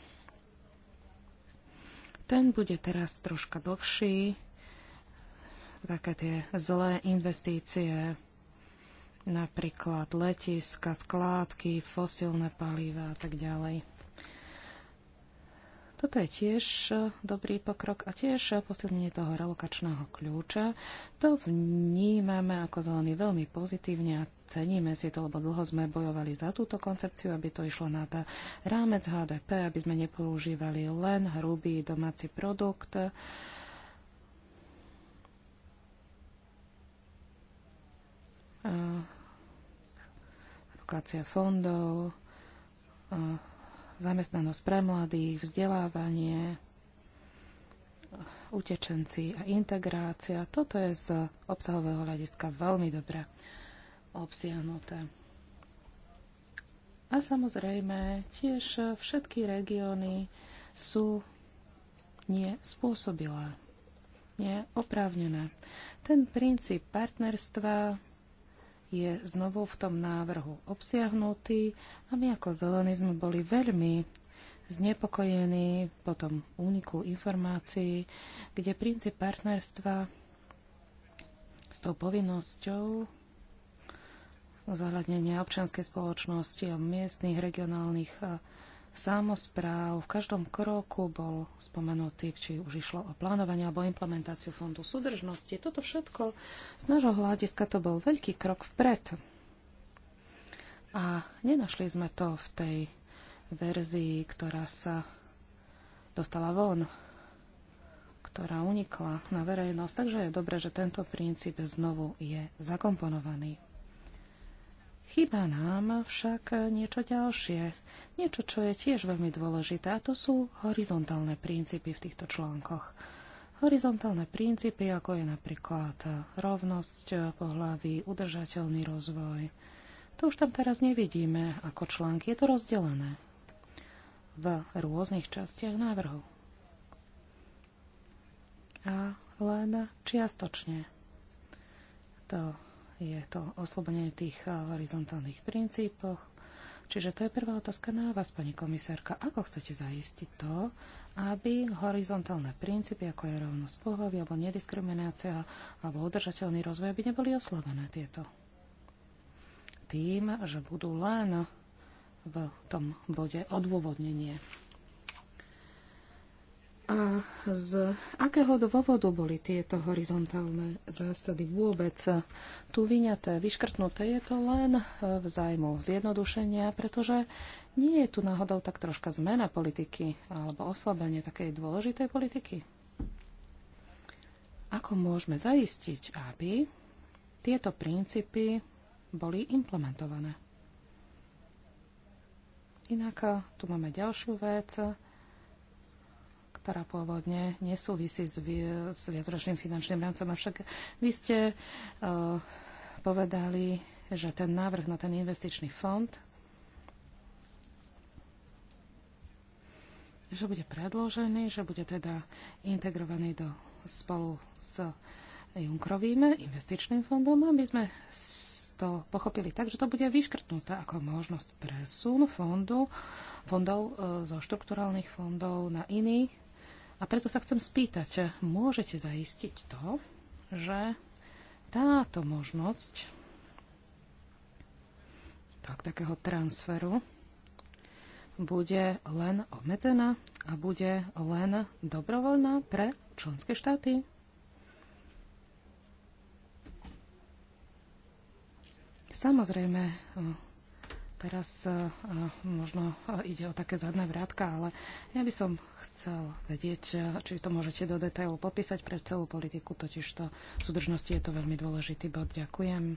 Ten bude teraz troška dlhší, také tie zlé investície, napríklad letiska, skládky, fosílne paliva a tak ďalej. Toto je tiež e, dobrý pokrok a tiež e, posilnenie toho relokačného kľúča. To vnímame ako zelený veľmi pozitívne a ceníme si to, lebo dlho sme bojovali za túto koncepciu, aby to išlo na tá rámec HDP, aby sme nepoužívali len hrubý domáci produkt, lokácia fondov, zamestnanosť pre mladých, vzdelávanie, utečenci a integrácia. Toto je z obsahového hľadiska veľmi dobre obsiahnuté. A samozrejme, tiež všetky regióny sú nespôsobilé, neoprávnené. Ten princíp partnerstva je znovu v tom návrhu obsiahnutý a my ako zelení sme boli veľmi znepokojení potom úniku informácií, kde princíp partnerstva s tou povinnosťou zohľadnenia občianskej spoločnosti a miestnych, regionálnych samospráv v každom kroku bol spomenutý, či už išlo o plánovanie alebo implementáciu fondu súdržnosti. Toto všetko z nášho hľadiska to bol veľký krok vpred. A nenašli sme to v tej verzii, ktorá sa dostala von, ktorá unikla na verejnosť. Takže je dobré, že tento princíp znovu je zakomponovaný. Chýba nám však niečo ďalšie Niečo, čo je tiež veľmi dôležité, a to sú horizontálne princípy v týchto článkoch. Horizontálne princípy, ako je napríklad rovnosť pohlaví, udržateľný rozvoj. To už tam teraz nevidíme ako články, je to rozdelené v rôznych častiach návrhu. A len čiastočne. To je to oslobodenie tých horizontálnych princípoch Čiže to je prvá otázka na vás, pani komisárka. Ako chcete zaistiť to, aby horizontálne princípy, ako je rovnosť pohľavy, alebo nediskriminácia, alebo udržateľný rozvoj, aby neboli oslabené tieto? Tým, že budú len v tom bode odôvodnenie. A z akého dôvodu boli tieto horizontálne zásady vôbec tu vyňaté, vyškrtnuté? Je to len v zájmu zjednodušenia, pretože nie je tu náhodou tak troška zmena politiky alebo oslabenie takej dôležitej politiky? Ako môžeme zaistiť, aby tieto princípy boli implementované? Inak tu máme ďalšiu vec, ktorá pôvodne nesúvisí s, s viacročným finančným rámcom. Avšak vy ste uh, povedali, že ten návrh na ten investičný fond že bude predložený, že bude teda integrovaný do spolu s Junkrovým investičným fondom, aby sme to pochopili tak, že to bude vyškrtnuté ako možnosť presun fondu, fondov e, zo štrukturálnych fondov na iný a preto sa chcem spýtať, môžete zaistiť to, že táto možnosť tak, takého transferu bude len obmedzená a bude len dobrovoľná pre členské štáty? Samozrejme, Teraz e, e, možno e, ide o také zadné vrátka, ale ja by som chcel vedieť, či to môžete do detailu popísať pre celú politiku, totiž to v súdržnosti je to veľmi dôležitý bod. Ďakujem.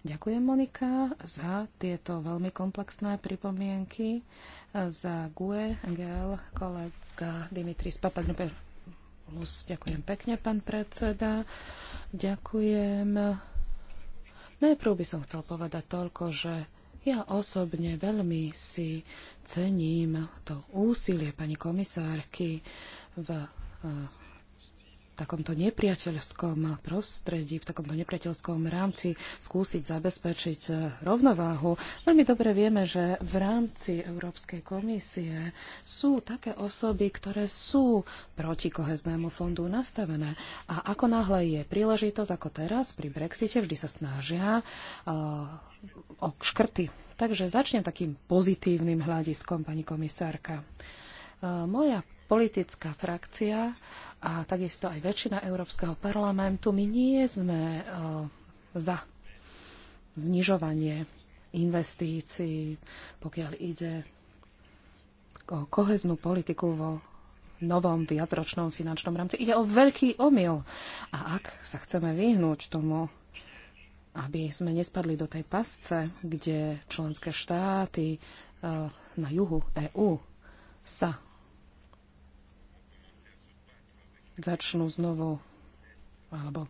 Ďakujem, Monika, za tieto veľmi komplexné pripomienky. Za GUE, NGL, kolega Dimitris Papagnopoulos. Ďakujem pekne, pán predseda. Ďakujem. Najprv by som chcel povedať toľko, že ja osobne veľmi si cením to úsilie pani komisárky v eh, takomto nepriateľskom prostredí, v takomto nepriateľskom rámci skúsiť zabezpečiť eh, rovnováhu. Veľmi dobre vieme, že v rámci Európskej komisie sú také osoby, ktoré sú proti koheznému fondu nastavené. A ako náhle je príležitosť, ako teraz pri Brexite, vždy sa snažia uh, o škrty. Takže začnem takým pozitívnym hľadiskom, pani komisárka. E, moja politická frakcia a takisto aj väčšina Európskeho parlamentu, my nie sme e, za znižovanie investícií, pokiaľ ide o koheznú politiku vo novom viacročnom finančnom rámci. Ide o veľký omyl. A ak sa chceme vyhnúť tomu aby sme nespadli do tej pasce, kde členské štáty e, na juhu EÚ sa začnú znovu alebo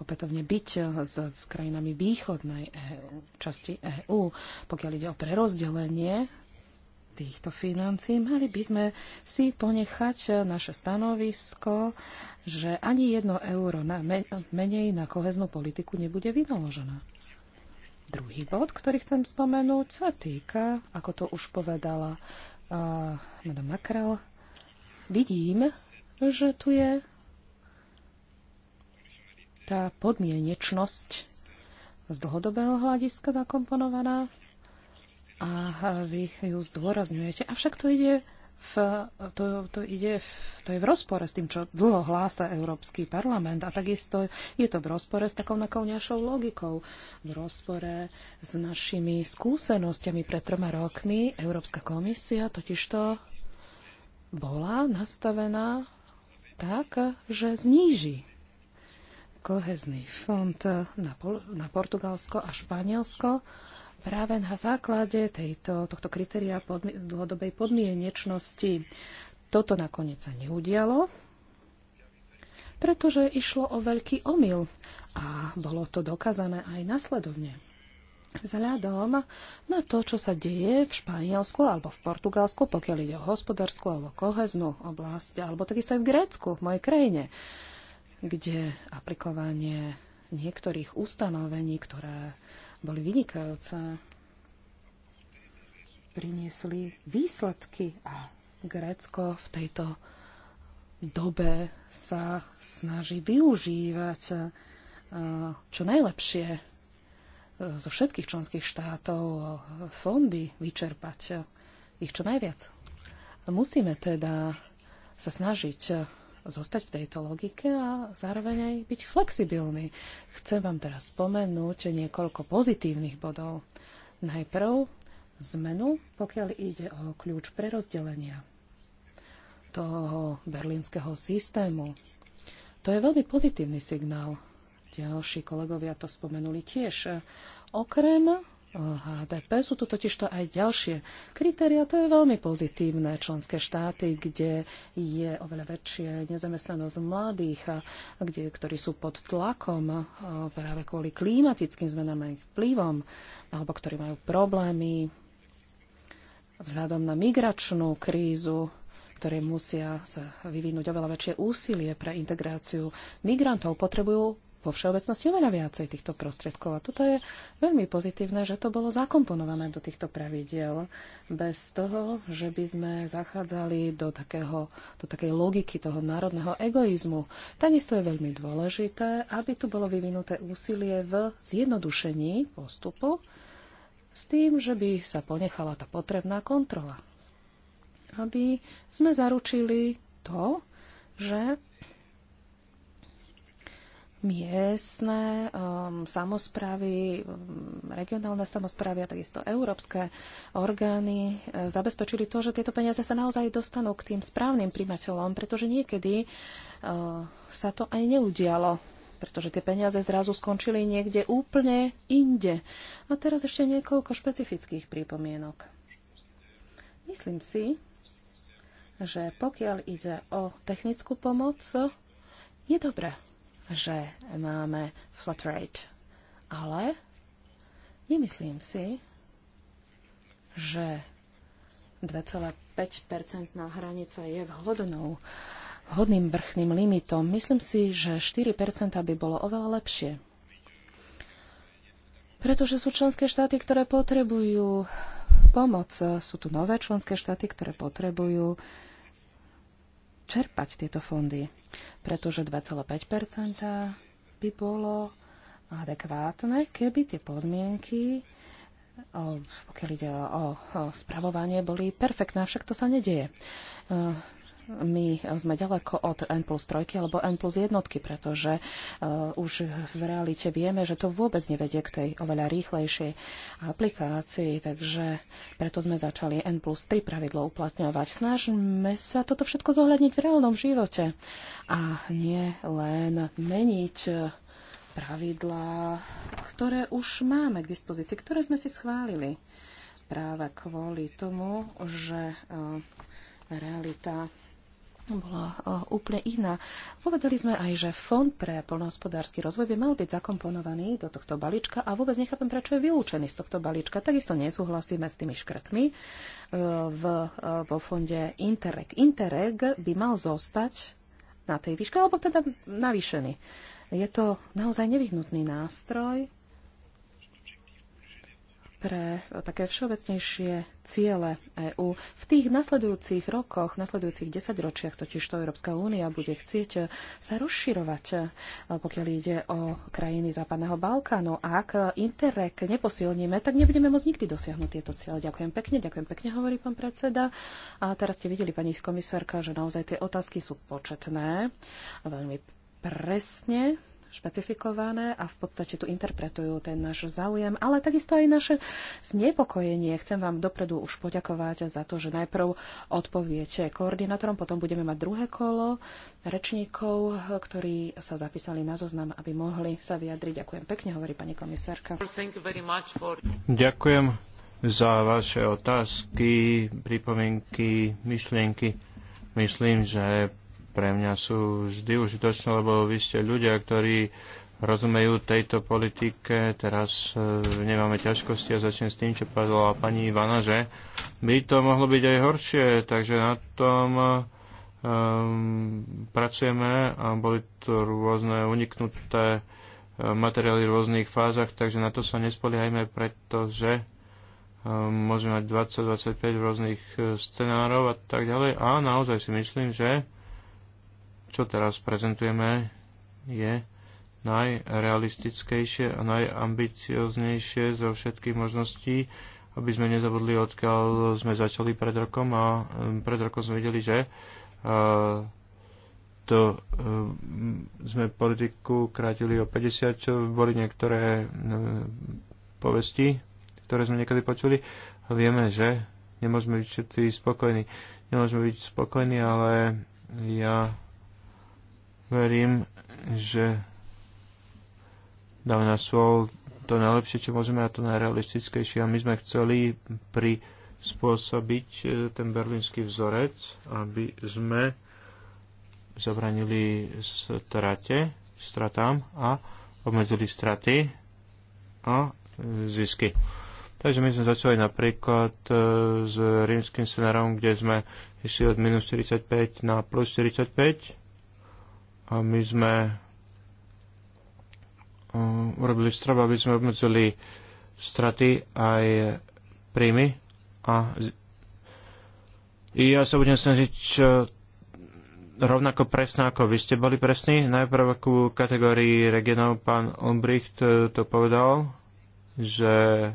opätovne byť s krajinami východnej EU, časti EÚ, pokiaľ ide o prerozdelenie týchto financí, mali by sme si ponechať naše stanovisko, že ani jedno euro na menej na koheznú politiku nebude vynaložené. Druhý bod, ktorý chcem spomenúť, sa týka, ako to už povedala uh, madame Makrel, vidím, že tu je tá podmienečnosť z dlhodobého hľadiska zakomponovaná a vy ju zdôrazňujete. Avšak to ide v, to, to, ide v, to je v rozpore s tým, čo dlho hlása Európsky parlament a takisto je to v rozpore s takou nakoniašou logikou, v rozpore s našimi skúsenostiami pred troma rokmi. Európska komisia totižto bola nastavená tak, že zníži kohezný fond na, na Portugalsko a Španielsko práve na základe tejto, tohto kritéria podmi- dlhodobej podmienečnosti. Toto nakoniec sa neudialo, pretože išlo o veľký omyl a bolo to dokázané aj nasledovne. Vzhľadom na to, čo sa deje v Španielsku alebo v Portugalsku, pokiaľ ide o hospodárskú alebo koheznú oblasť, alebo takisto aj v Grécku, v mojej krajine, kde aplikovanie niektorých ustanovení, ktoré boli vynikajúce. Priniesli výsledky a Grécko v tejto dobe sa snaží využívať eh, čo najlepšie eh, zo všetkých členských štátov eh, fondy vyčerpať ich čo najviac. Musíme teda sa snažiť zostať v tejto logike a zároveň aj byť flexibilný. Chcem vám teraz spomenúť niekoľko pozitívnych bodov. Najprv zmenu, pokiaľ ide o kľúč prerozdelenia toho berlínskeho systému. To je veľmi pozitívny signál. Ďalší kolegovia to spomenuli tiež. Okrem HDP. Sú tu totiž to aj ďalšie kritéria. To je veľmi pozitívne. Členské štáty, kde je oveľa väčšia nezamestnanosť mladých, a kde, ktorí sú pod tlakom práve kvôli klimatickým zmenám a ich vplyvom, alebo ktorí majú problémy vzhľadom na migračnú krízu, ktoré musia sa vyvinúť oveľa väčšie úsilie pre integráciu migrantov, potrebujú vo všeobecnosti oveľa viacej týchto prostriedkov. A toto je veľmi pozitívne, že to bolo zakomponované do týchto pravidiel, bez toho, že by sme zachádzali do, takého, do takej logiky toho národného egoizmu. Takisto je veľmi dôležité, aby tu bolo vyvinuté úsilie v zjednodušení postupu s tým, že by sa ponechala tá potrebná kontrola. Aby sme zaručili to, že miestne um, samozprávy, um, regionálne samozprávy a takisto európske orgány uh, zabezpečili to, že tieto peniaze sa naozaj dostanú k tým správnym primateľom, pretože niekedy uh, sa to aj neudialo pretože tie peniaze zrazu skončili niekde úplne inde. A teraz ešte niekoľko špecifických prípomienok. Myslím si, že pokiaľ ide o technickú pomoc, je dobré, že máme flat rate. Ale nemyslím si, že 2,5-percentná hranica je vhodnou, vhodným vrchným limitom. Myslím si, že 4% by bolo oveľa lepšie. Pretože sú členské štáty, ktoré potrebujú pomoc. Sú tu nové členské štáty, ktoré potrebujú uh, čerpať tieto fondy, pretože 2,5 by bolo adekvátne, keby tie podmienky, pokiaľ ide o, o spravovanie, boli perfektné, však to sa nedieje my sme ďaleko od N plus 3 alebo N plus jednotky, pretože uh, už v realite vieme, že to vôbec nevedie k tej oveľa rýchlejšej aplikácii, takže preto sme začali N plus 3 pravidlo uplatňovať. Snažíme sa toto všetko zohľadniť v reálnom živote a nie len meniť pravidlá, ktoré už máme k dispozícii, ktoré sme si schválili práve kvôli tomu, že uh, realita bola e, úplne iná. Povedali sme aj, že Fond pre polnohospodársky rozvoj by mal byť zakomponovaný do tohto balíčka a vôbec nechápem, prečo je vylúčený z tohto balíčka. Takisto nesúhlasíme s tými škrtmi e, v, e, vo fonde Interreg. Interreg by mal zostať na tej výške, alebo teda navýšený. Je to naozaj nevyhnutný nástroj, pre také všeobecnejšie ciele EÚ. V tých nasledujúcich rokoch, nasledujúcich desaťročiach totiž to Európska únia bude chcieť sa rozširovať, e, pokiaľ ide o krajiny Západného Balkánu. A ak Interreg neposilníme, tak nebudeme môcť nikdy dosiahnuť tieto ciele. Ďakujem pekne, ďakujem pekne, hovorí pán predseda. A teraz ste videli, pani komisárka, že naozaj tie otázky sú početné, veľmi presne špecifikované a v podstate tu interpretujú ten náš záujem, ale takisto aj naše znepokojenie. Chcem vám dopredu už poďakovať za to, že najprv odpoviete koordinátorom, potom budeme mať druhé kolo rečníkov, ktorí sa zapísali na zoznam, aby mohli sa vyjadriť. Ďakujem pekne, hovorí pani komisárka. Ďakujem za vaše otázky, pripomienky, myšlienky. Myslím, že pre mňa sú vždy užitočné, lebo vy ste ľudia, ktorí rozumejú tejto politike. Teraz e, nemáme ťažkosti a začnem s tým, čo povedala pani Ivana, že by to mohlo byť aj horšie, takže na tom e, pracujeme a boli tu rôzne uniknuté e, materiály v rôznych fázach, takže na to sa nespoliehajme, pretože e, môžeme mať 20-25 rôznych scenárov a tak ďalej. A naozaj si myslím, že čo teraz prezentujeme, je najrealistickejšie a najambicioznejšie zo všetkých možností, aby sme nezabudli, odkiaľ sme začali pred rokom a hm, pred rokom sme videli, že to hm, sme politiku krátili o 50, čo boli niektoré hm, povesti, ktoré sme niekedy počuli. A vieme, že nemôžeme byť všetci spokojní. Nemôžeme byť spokojní, ale ja Verím, že dáme na svoj to najlepšie, čo môžeme a to najrealistickejšie. A my sme chceli prispôsobiť e, ten berlínsky vzorec, aby sme zabranili strate, stratám a obmedzili straty a zisky. Takže my sme začali napríklad e, s rímským scenárom, kde sme išli od minus 45 na plus 45 a my sme eh, urobili strop, aby sme obmedzili straty aj príjmy. A ja sa budem snažiť eh, rovnako presne ako vy ste boli presní. Najprv ku kategórii regionov pán Olbricht eh, to povedal, že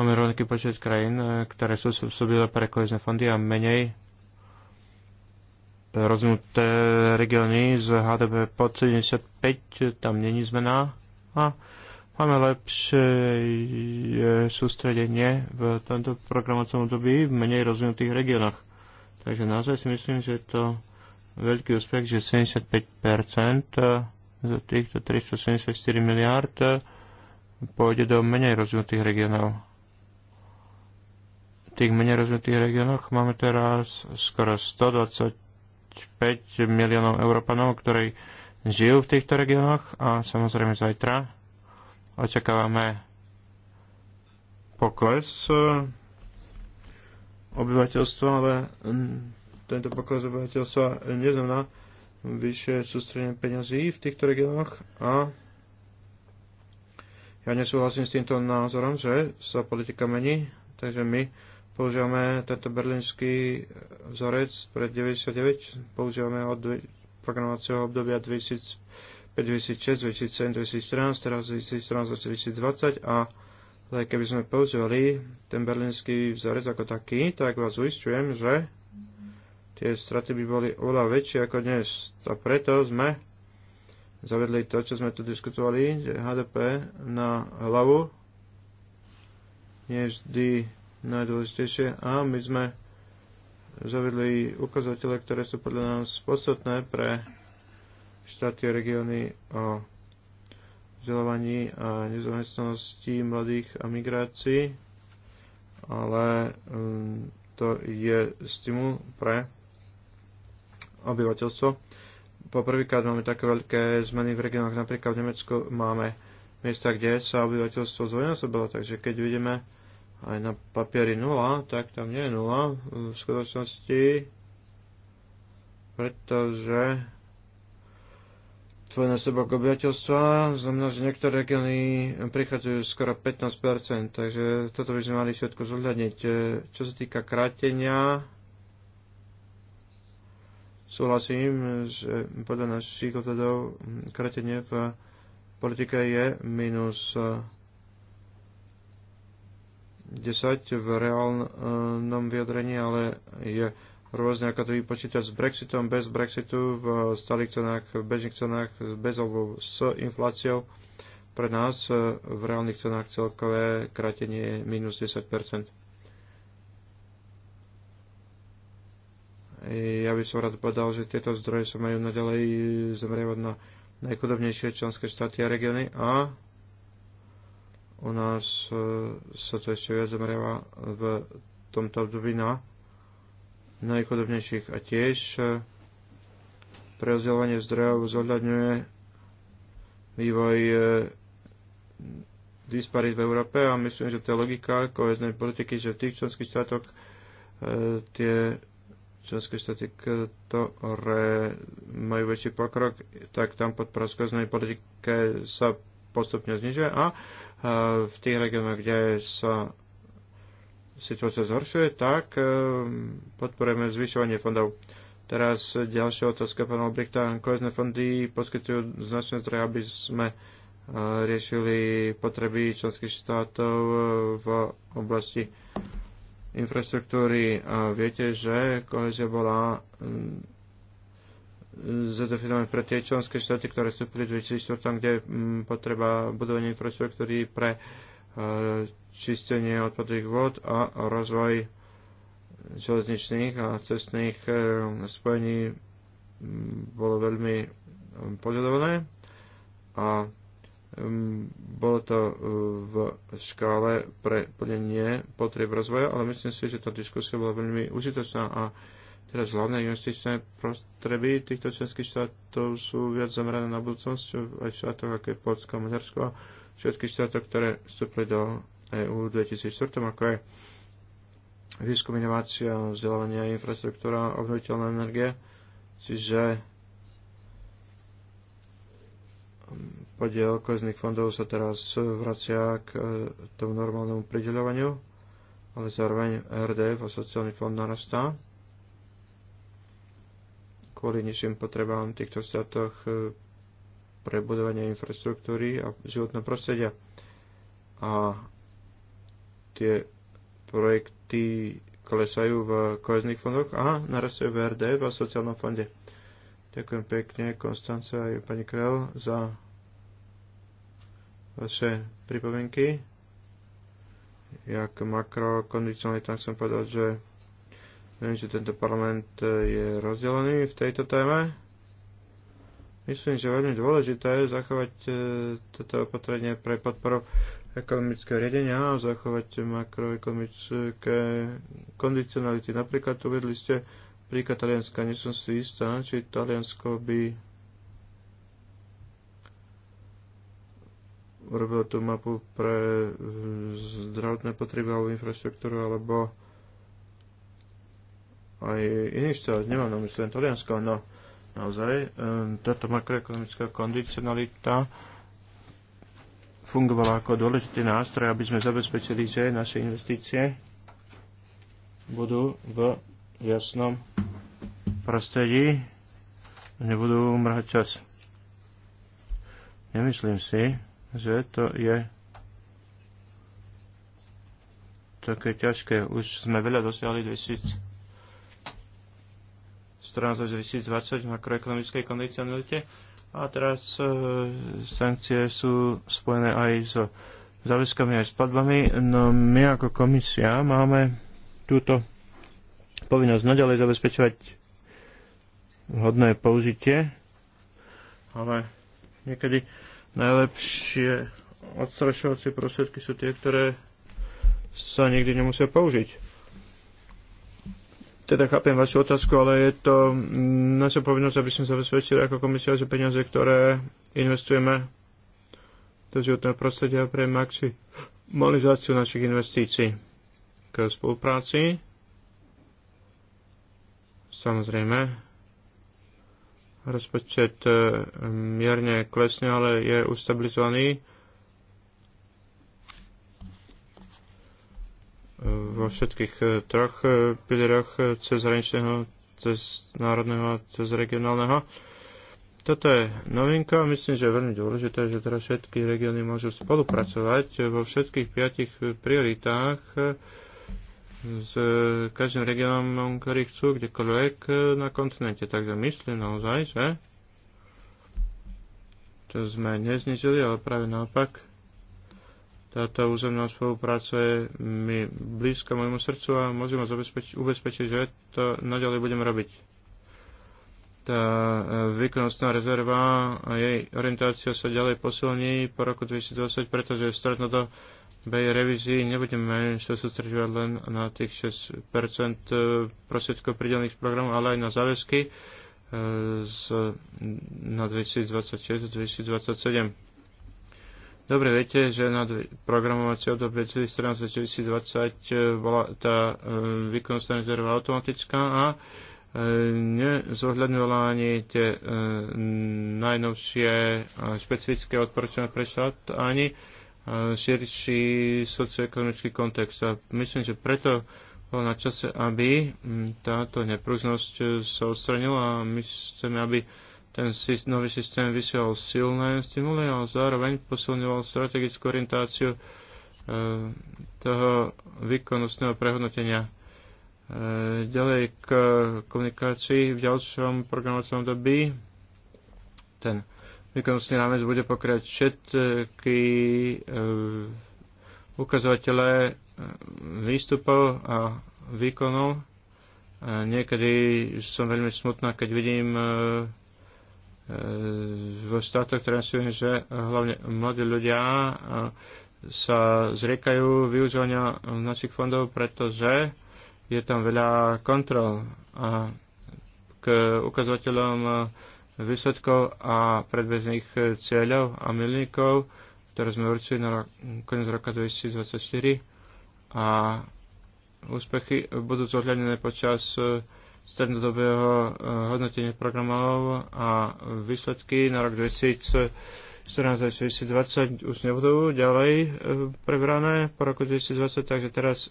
máme rovnaký počet krajín, ktoré sú spôsobile pre kohezné fondy a menej rozvinuté regióny z HDP pod 75, tam není zmena a máme lepšie sústredenie v tomto programovacom období v menej rozvinutých regiónoch. Takže naozaj si myslím, že je to veľký úspech, že 75% z týchto 374 miliárd pôjde do menej rozvinutých regiónov. V tých menej rozvinutých regiónoch máme teraz skoro 120 5 miliónov Európanov, ktorí žijú v týchto regiónoch a samozrejme zajtra očakávame pokles e, obyvateľstva, ale tento pokles obyvateľstva neznamená vyššie sústredenie peňazí v týchto regiónoch a ja nesúhlasím s týmto názorom, že sa politika mení, takže my Používame tento berlínsky vzorec pre 99, používame od programovacieho obdobia 2005, 2006, 2007, 2014, teraz 2014 2020 a ale keby sme používali ten berlínsky vzorec ako taký, tak vás uistujem, že tie straty by boli oveľa väčšie ako dnes. A preto sme zavedli to, čo sme tu diskutovali, že HDP na hlavu nie vždy najdôležitejšie. A my sme zavedli ukazovatele, ktoré sú podľa nás podstatné pre štáty a regióny o vzdelávaní a nezamestnanosti mladých a migrácii, ale um, to je stimul pre obyvateľstvo. Po prvýkrát máme také veľké zmeny v regiónoch, napríklad v Nemecku máme miesta, kde sa obyvateľstvo zvojnásobilo, takže keď vidíme aj na papieri 0, tak tam nie je 0 v skutočnosti, pretože dvojnásobok obyvateľstva, znamená, že niektoré regióny prichádzajú skoro 15%, takže toto by sme mali všetko zohľadniť. Čo sa týka krátenia, súhlasím, že podľa našich odhadov krátenie v politike je minus 10 v reálnom vyjadrení, ale je rôzne, ako to vypočítať s Brexitom, bez Brexitu, v starých cenách, v bežných cenách, bez alebo s infláciou. Pre nás eh, v reálnych cenách celkové kratenie je minus 10 Ja by som rád povedal, že tieto zdroje sa majú naďalej zameriavať na najchudobnejšie členské štáty a regióny a u nás e, sa to ešte viac zameriava v tomto období na najchudobnejších a tiež e, prerozdeľovanie zdrojov zohľadňuje vývoj e, disparit v Európe a myslím, že to je logika koheznej politiky, že v tých členských štátoch tie členské štáty, ktoré majú väčší pokrok, tak tam pod skôznej politike sa postupne znižuje a v tých regiónoch, kde sa situácia zhoršuje, tak e, podporujeme zvyšovanie fondov. Teraz ďalšia otázka pána Obrichta. Kohezné fondy poskytujú značné zdroje, aby sme e, riešili potreby členských štátov e, v oblasti infraštruktúry. A viete, že kohezia bola zadefinované pre tie členské štáty, ktoré sú pri 2004, kde je mm, potreba budovania infraštruktúry pre e, čistenie odpadových vod a rozvoj železničných a cestných e, spojení mm, bolo veľmi mm, požadované a bolo to e, v škále pre plnenie potrieb rozvoja, ale myslím si, že tá diskusia bola veľmi užitočná a teda hlavné investičné prostreby týchto členských štátov sú viac zamerané na budúcnosť aj štátov, ako je Polsko a Maďarsko, všetkých štátov, ktoré vstúpili do EU v 2004, ako je výskum, inovácia, vzdelávanie, infraštruktúra, obnoviteľná energie. Čiže um, podiel kozných fondov sa teraz vracia k e, tomu normálnemu prideľovaniu, ale zároveň RDF a sociálny fond narastá kvôli nižším potrebám v týchto štátoch e, pre budovanie infraštruktúry a životného prostredia. A tie projekty klesajú v kohezných fondoch a narastajú v RD v sociálnom fonde. Ďakujem pekne, Konstance aj pani Kreol za vaše pripomienky. Jak tak som povedal, že Viem, že tento parlament e, je rozdelený v tejto téme. Myslím, že veľmi dôležité je zachovať e, toto opatrenie pre podporu ekonomického riadenia a zachovať makroekonomické kondicionality. Napríklad uvedli ste príklad Talianska. Nie som si istá, či Taliansko by urobilo tú mapu pre e, zdravotné potreby alebo infraštruktúru alebo aj iných štát, nemám na mysle len Taliansko, no naozaj táto makroekonomická kondicionalita fungovala ako dôležitý nástroj, aby sme zabezpečili, že naše investície budú v jasnom prostredí a nebudú mrhať čas. Nemyslím si, že to je také ťažké. Už sme veľa dosiahli 2000 14 až 2020 v makroekonomickej kondicionalite. A teraz e, sankcie sú spojené aj s záväzkami, aj s platbami. No my ako komisia máme túto povinnosť naďalej zabezpečovať hodné použitie, ale niekedy najlepšie odstrašovacie prostriedky sú tie, ktoré sa nikdy nemusia použiť. Teda chápem vašu otázku, ale je to naša povinnosť, aby sme zabezpečili ako komisia, že peniaze, ktoré investujeme do životného prostredia pre maximalizáciu našich investícií k spolupráci. Samozrejme, rozpočet eh, mierne klesne, ale je ustabilizovaný vo všetkých e, troch e, pilieroch e, cezhraničného, cez národného a cez regionálneho. Toto je novinka a myslím, že je veľmi dôležité, že teraz všetky regióny môžu spolupracovať vo všetkých piatich prioritách s každým regiónom, ktorý chcú, kdekoľvek na kontinente. Takže myslím naozaj, že to sme neznižili, ale práve naopak táto územná spolupráca je mi blízka môjmu srdcu a môžem vás ubezpečiť, že to naďalej budem robiť. Tá e, výkonnostná rezerva a jej orientácia sa ďalej posilní po roku 2020, pretože do Bej revízii nebudeme sa sústredovať len na tých 6% e, prostriedkov pridelných programov, ale aj na záväzky e, z, na 2026 2027 Dobre viete, že na programovacie obdobie 2014-2020 e, bola tá e, výkonnostná rezerva automatická a e, nezohľadňovala ani tie najnovšie špecifické odporúčania pre štát, ani širší socioekonomický kontext. A myslím, že preto bolo na čase, aby táto nepružnosť sa odstranila a my chceme, aby ten nový systém vysielal silné stimuly a zároveň posilňoval strategickú orientáciu e, toho výkonnostného prehodnotenia. E, ďalej k komunikácii v ďalšom programovacom období ten výkonnostný rámec bude pokrať všetky e, ukazovatele výstupov a výkonov. Niekedy som veľmi smutná, keď vidím E, v štátoch, ktoré sú, že hlavne mladí ľudia e, sa zriekajú využívania našich fondov, pretože je tam veľa kontrol a k ukazovateľom výsledkov a predbežných cieľov a milníkov, ktoré sme určili na koniec roka 2024 a úspechy budú zohľadené počas strednodobého eh, hodnotenia programov a výsledky na rok 2014 2020 už nebudú ďalej eh, prebrané po roku 2020, takže teraz eh,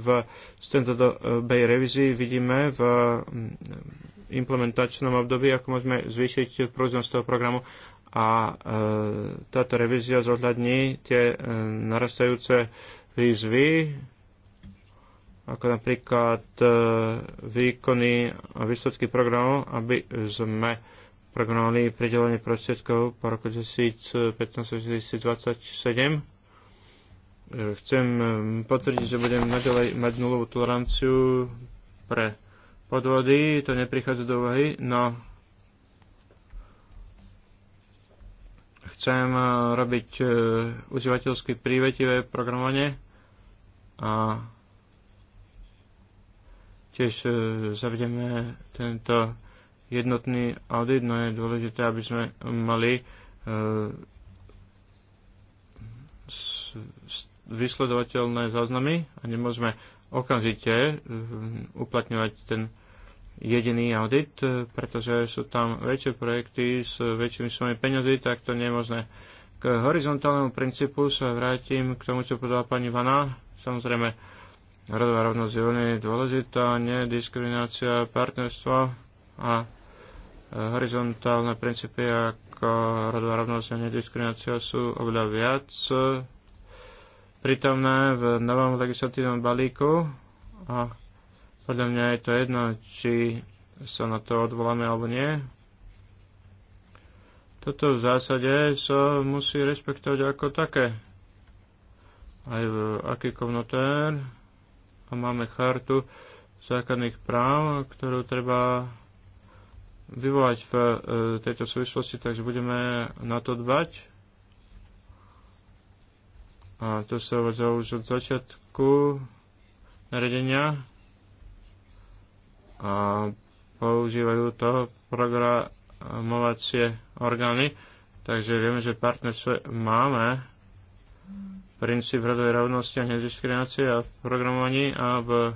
v strednodobej revizii vidíme v mm, implementačnom období, ako môžeme zvýšiť prúznosť toho programu a táto revízia zohľadní tie narastajúce výzvy ako napríklad e, výkony a výsledky programov, aby sme programovali predelenie prostriedkov po roku 2015-2027. E, chcem e, potvrdiť, že budem naďalej mať nulovú toleranciu pre podvody, to neprichádza do úvahy, no chcem robiť užívateľsky prívetivé programovanie a Tiež e, zavedeme tento jednotný audit, no je dôležité, aby sme mali e, vysledovateľné záznamy a nemôžeme okamžite e, uplatňovať ten jediný audit, pretože sú tam väčšie projekty s väčšími sumami peňazí, tak to nie je možné. K horizontálnemu princípu sa vrátim k tomu, čo povedala pani Vana. Samozrejme, rodová rovnosť je veľmi dôležitá, nediskriminácia partnerstva a e, horizontálne princípy ako rodová rovnosť a nediskriminácia sú oveľa viac e, prítomné v novom legislatívnom balíku a podľa mňa je to jedno, či sa na to odvoláme alebo nie. Toto v zásade sa musí rešpektovať ako také. Aj v aký notér a máme chartu základných práv, ktorú treba vyvolať v e, tejto súvislosti, takže budeme na to dbať. A to sa uvádzalo už od začiatku naredenia a používajú to programovacie orgány. Takže vieme, že partnerstvo máme princíp radovej rovnosti a nediskriminácie a v programovaní a v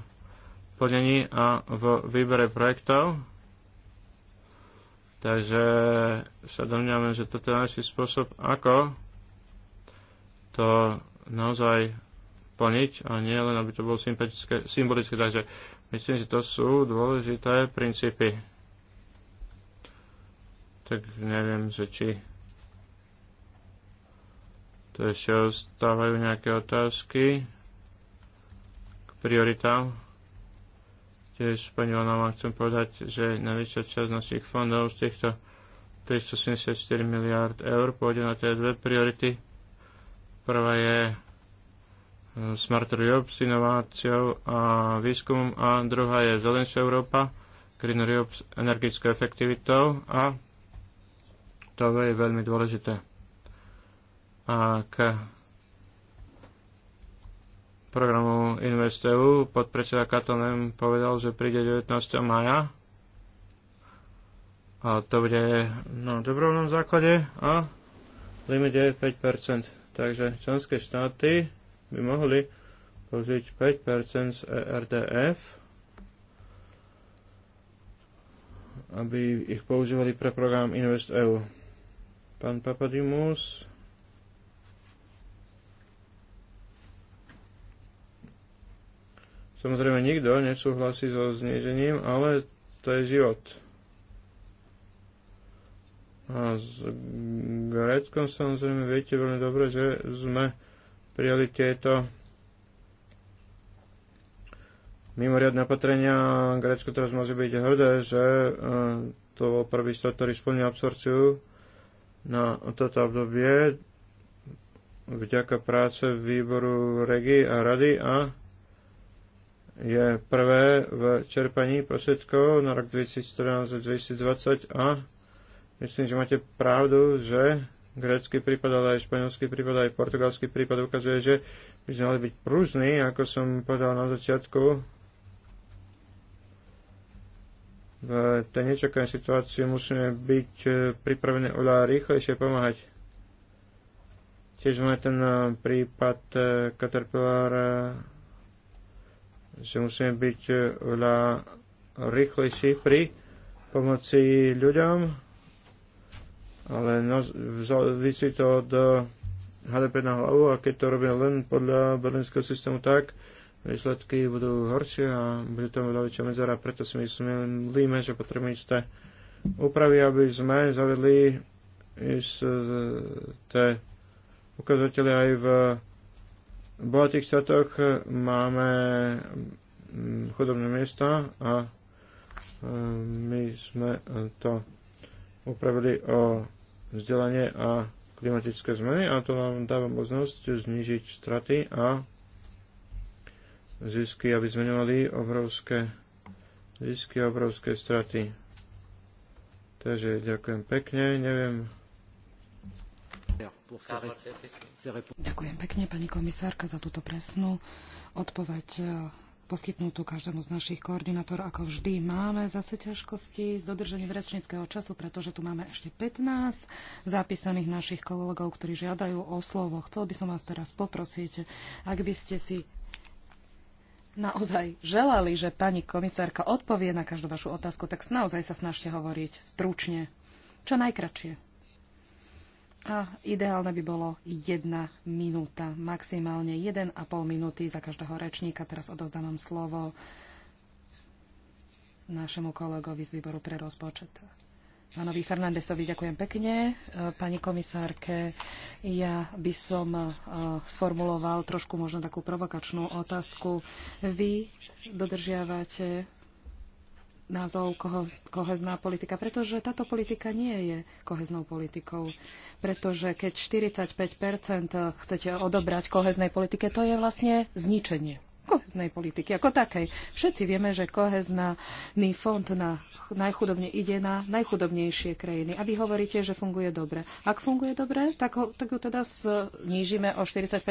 plnení a v výbere projektov. Takže sa domňame, že toto je najlepší spôsob, ako to naozaj plniť a nie len, aby to bolo symbolické. Takže myslím, že to sú dôležité princípy. Tak neviem, že či tu ešte ostávajú nejaké otázky k prioritám. Tiež pani vám chcem povedať, že najväčšia časť našich fondov z týchto 374 miliard eur pôjde na tie dve priority. Prvá je e, Smart Europe s inováciou a výskumom a druhá je Zelenšia Európa, Green Europe s energickou efektivitou a to je veľmi dôležité a k programu InvestEU podpredseda Katonem povedal, že príde 19. maja a to bude na dobrovnom základe a limit je 5%. Takže členské štáty by mohli použiť 5% z ERDF, aby ich používali pre program InvestEU. Pán Papadimus Samozrejme, nikto nesúhlasí so znížením, ale to je život. A s Gréckom samozrejme viete veľmi dobre, že sme prijali tieto mimoriadne opatrenia. Grécko teraz môže byť hrdé, že e, to bol prvý štát, ktorý splnil absorciu na toto obdobie vďaka práce výboru Regi a Rady a je prvé v čerpaní prostriedkov na rok 2014-2020 a myslím, že máte pravdu, že grécky prípad, ale aj španielský prípad, aj portugalský prípad ukazuje, že by sme mali byť pružní, ako som povedal na začiatku. V tej nečakanej situácii musíme byť e, pripravení oľa rýchlejšie pomáhať. Tiež máme ten e, prípad e, Caterpillar že musíme byť e, veľa rýchlejší pri pomoci ľuďom, ale no, závisí to od e, HDP na hlavu a keď to robíme len podľa berlínskeho systému tak, výsledky budú horšie a bude tam veľa väčšia medzera, preto si myslíme, že potrebujeme isté úpravy, aby sme zavedli isté e, ukazovatele aj v v bohatých štátoch máme mm, chudobné miesta a mm, my sme to upravili o vzdelanie a klimatické zmeny a to nám dáva možnosť znižiť straty a zisky, aby sme nemali obrovské zisky a obrovské straty. Takže ďakujem pekne, neviem, Ďakujem pekne, pani komisárka, za túto presnú odpoveď e, poskytnutú každému z našich koordinátor. Ako vždy máme zase ťažkosti s dodržením rečníckého času, pretože tu máme ešte 15 zapísaných našich kolegov, ktorí žiadajú o slovo. Chcel by som vás teraz poprosiť, ak by ste si naozaj želali, že pani komisárka odpovie na každú vašu otázku, tak naozaj sa snažte hovoriť stručne, čo najkračšie. A ideálne by bolo jedna minúta, maximálne 1,5 minúty za každého rečníka. Teraz odovzdávam slovo našemu kolegovi z výboru pre rozpočet. Pánovi Fernandesovi ďakujem pekne. E, pani komisárke, ja by som e, sformuloval trošku možno takú provokačnú otázku. Vy dodržiavate názov kohezná politika, pretože táto politika nie je koheznou politikou. Pretože keď 45 chcete odobrať koheznej politike, to je vlastne zničenie koheznej politiky ako takej. Všetci vieme, že kohezný fond na najchudobne ide na najchudobnejšie krajiny. A vy hovoríte, že funguje dobre. Ak funguje dobre, tak ho, tak ju teda znížime o 45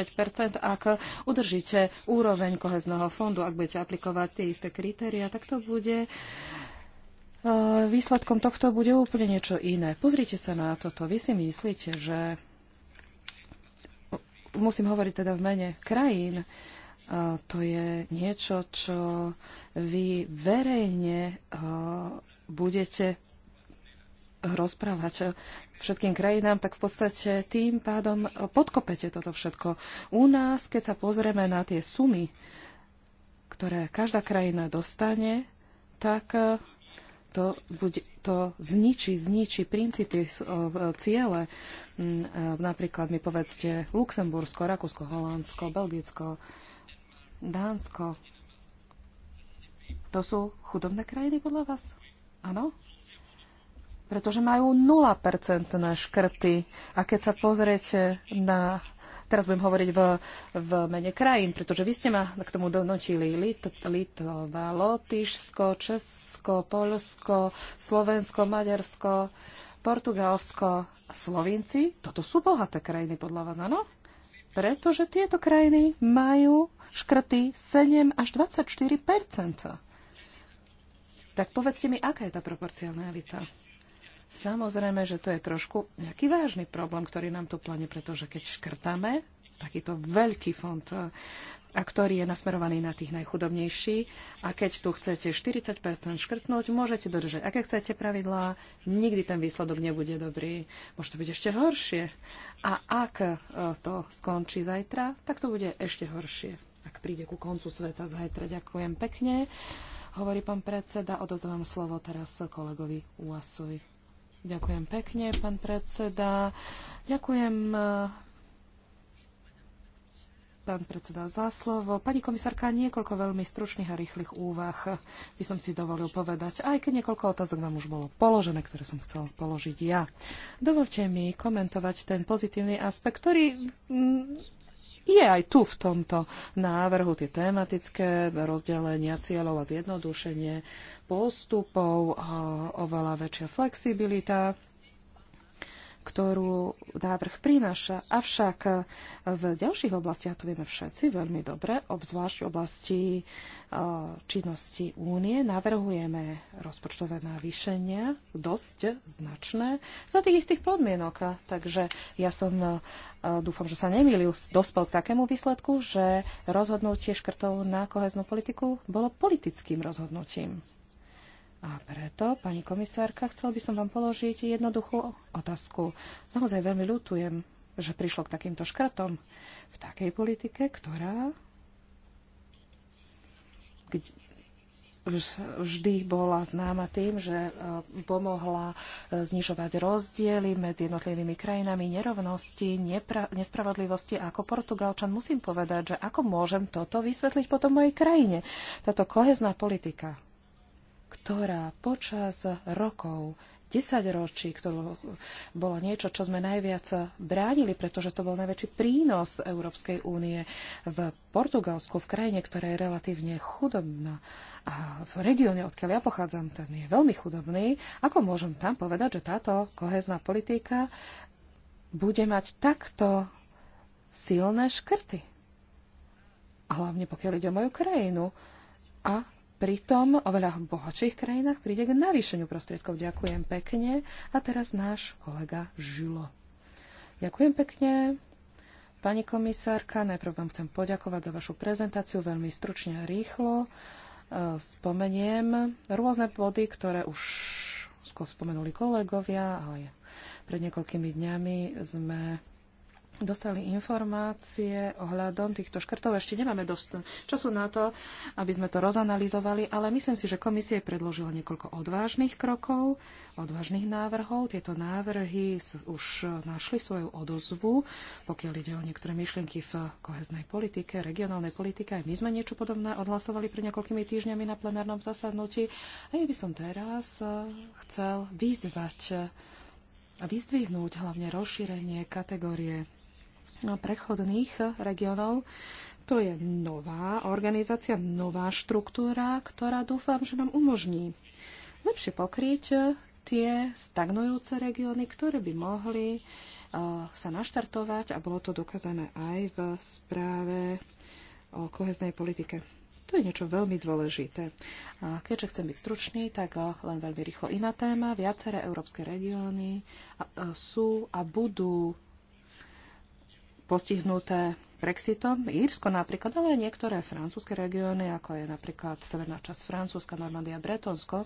Ak udržíte úroveň kohezného fondu, ak budete aplikovať tie isté kritéria, tak to bude e, výsledkom tohto bude úplne niečo iné. Pozrite sa na toto. Vy si myslíte, že musím hovoriť teda v mene krajín, to je niečo, čo vy verejne budete rozprávať všetkým krajinám, tak v podstate tým pádom podkopete toto všetko. U nás, keď sa pozrieme na tie sumy, ktoré každá krajina dostane, tak to, buď, to zničí, zničí princípy, ciele. Mm, napríklad mi povedzte Luxembursko, Rakúsko, Holandsko, Belgicko, Dánsko. To sú chudobné krajiny podľa vás? Áno? Pretože majú 0% na škrty. A keď sa pozriete na... Teraz budem hovoriť v, v mene krajín, pretože vy ste ma k tomu donotili Lit, Litva, Lotyšsko, Česko, Polsko, Slovensko, Maďarsko, Portugalsko a Slovinci. Toto sú bohaté krajiny podľa vás, áno? pretože tieto krajiny majú škrty 7 až 24 Tak povedzte mi, aká je tá proporcionalita? Samozrejme, že to je trošku nejaký vážny problém, ktorý nám tu plane, pretože keď škrtame takýto veľký fond a ktorý je nasmerovaný na tých najchudobnejší. A keď tu chcete 40% škrtnúť, môžete dodržať, aké chcete pravidlá, nikdy ten výsledok nebude dobrý. Môže to byť ešte horšie. A ak e, to skončí zajtra, tak to bude ešte horšie. Ak príde ku koncu sveta zajtra, ďakujem pekne. Hovorí pán predseda, odozdávam slovo teraz kolegovi Uasuj. Ďakujem pekne, pán predseda. Ďakujem e, pán predseda, za slovo. Pani komisárka, niekoľko veľmi stručných a rýchlych úvah by som si dovolil povedať, aj keď niekoľko otázok vám už bolo položené, ktoré som chcel položiť ja. Dovolte mi komentovať ten pozitívny aspekt, ktorý mm, je aj tu v tomto návrhu tie tematické rozdelenia cieľov a zjednodušenie postupov, a oveľa väčšia flexibilita ktorú návrh prináša. Avšak v ďalších oblastiach, to vieme všetci veľmi dobre, obzvlášť v oblasti e, činnosti únie, navrhujeme rozpočtové navýšenia dosť značné za tých istých podmienok. Takže ja som, e, dúfam, že sa nemýlil, dospel k takému výsledku, že rozhodnutie škrtov na koheznú politiku bolo politickým rozhodnutím. A preto, pani komisárka, chcel by som vám položiť jednoduchú otázku. Naozaj veľmi ľutujem, že prišlo k takýmto škratom v takej politike, ktorá vždy bola známa tým, že e, pomohla e, znižovať rozdiely medzi jednotlivými krajinami, nerovnosti, nepra- nespravodlivosti. A ako Portugalčan musím povedať, že ako môžem toto vysvetliť potom mojej krajine. Táto kohezná politika ktorá počas rokov 10 ročí, ktorú bolo niečo, čo sme najviac bránili, pretože to bol najväčší prínos Európskej únie v Portugalsku, v krajine, ktorá je relatívne chudobná. A v regióne, odkiaľ ja pochádzam, ten je veľmi chudobný. Ako môžem tam povedať, že táto kohezná politika bude mať takto silné škrty? A hlavne pokiaľ ide o moju krajinu. A pritom oveľa bohatších krajinách príde k navýšeniu prostriedkov. Ďakujem pekne. A teraz náš kolega Žilo. Ďakujem pekne. Pani komisárka, najprv vám chcem poďakovať za vašu prezentáciu veľmi stručne a rýchlo. E, spomeniem rôzne body, ktoré už spomenuli kolegovia, ale pred niekoľkými dňami sme dostali informácie ohľadom týchto škrtov. Ešte nemáme dosť času na to, aby sme to rozanalizovali, ale myslím si, že komisie predložila niekoľko odvážnych krokov, odvážnych návrhov. Tieto návrhy už našli svoju odozvu, pokiaľ ide o niektoré myšlienky v koheznej politike, regionálnej politike. Aj my sme niečo podobné odhlasovali pred niekoľkými týždňami na plenárnom zasadnutí. A ja by som teraz eh, chcel vyzvať a eh, vyzdvihnúť hlavne rozšírenie kategórie prechodných regionov. To je nová organizácia, nová štruktúra, ktorá dúfam, že nám umožní lepšie pokryť tie stagnujúce regióny, ktoré by mohli eh, sa naštartovať a bolo to dokázané aj v správe o koheznej politike. To je niečo veľmi dôležité. A keďže chcem byť stručný, tak eh, len veľmi rýchlo iná téma. Viaceré európske regióny eh, sú a budú postihnuté Brexitom, Írsko napríklad, ale aj niektoré francúzske regióny, ako je napríklad severná časť Francúzska, Normandia, Bretonsko.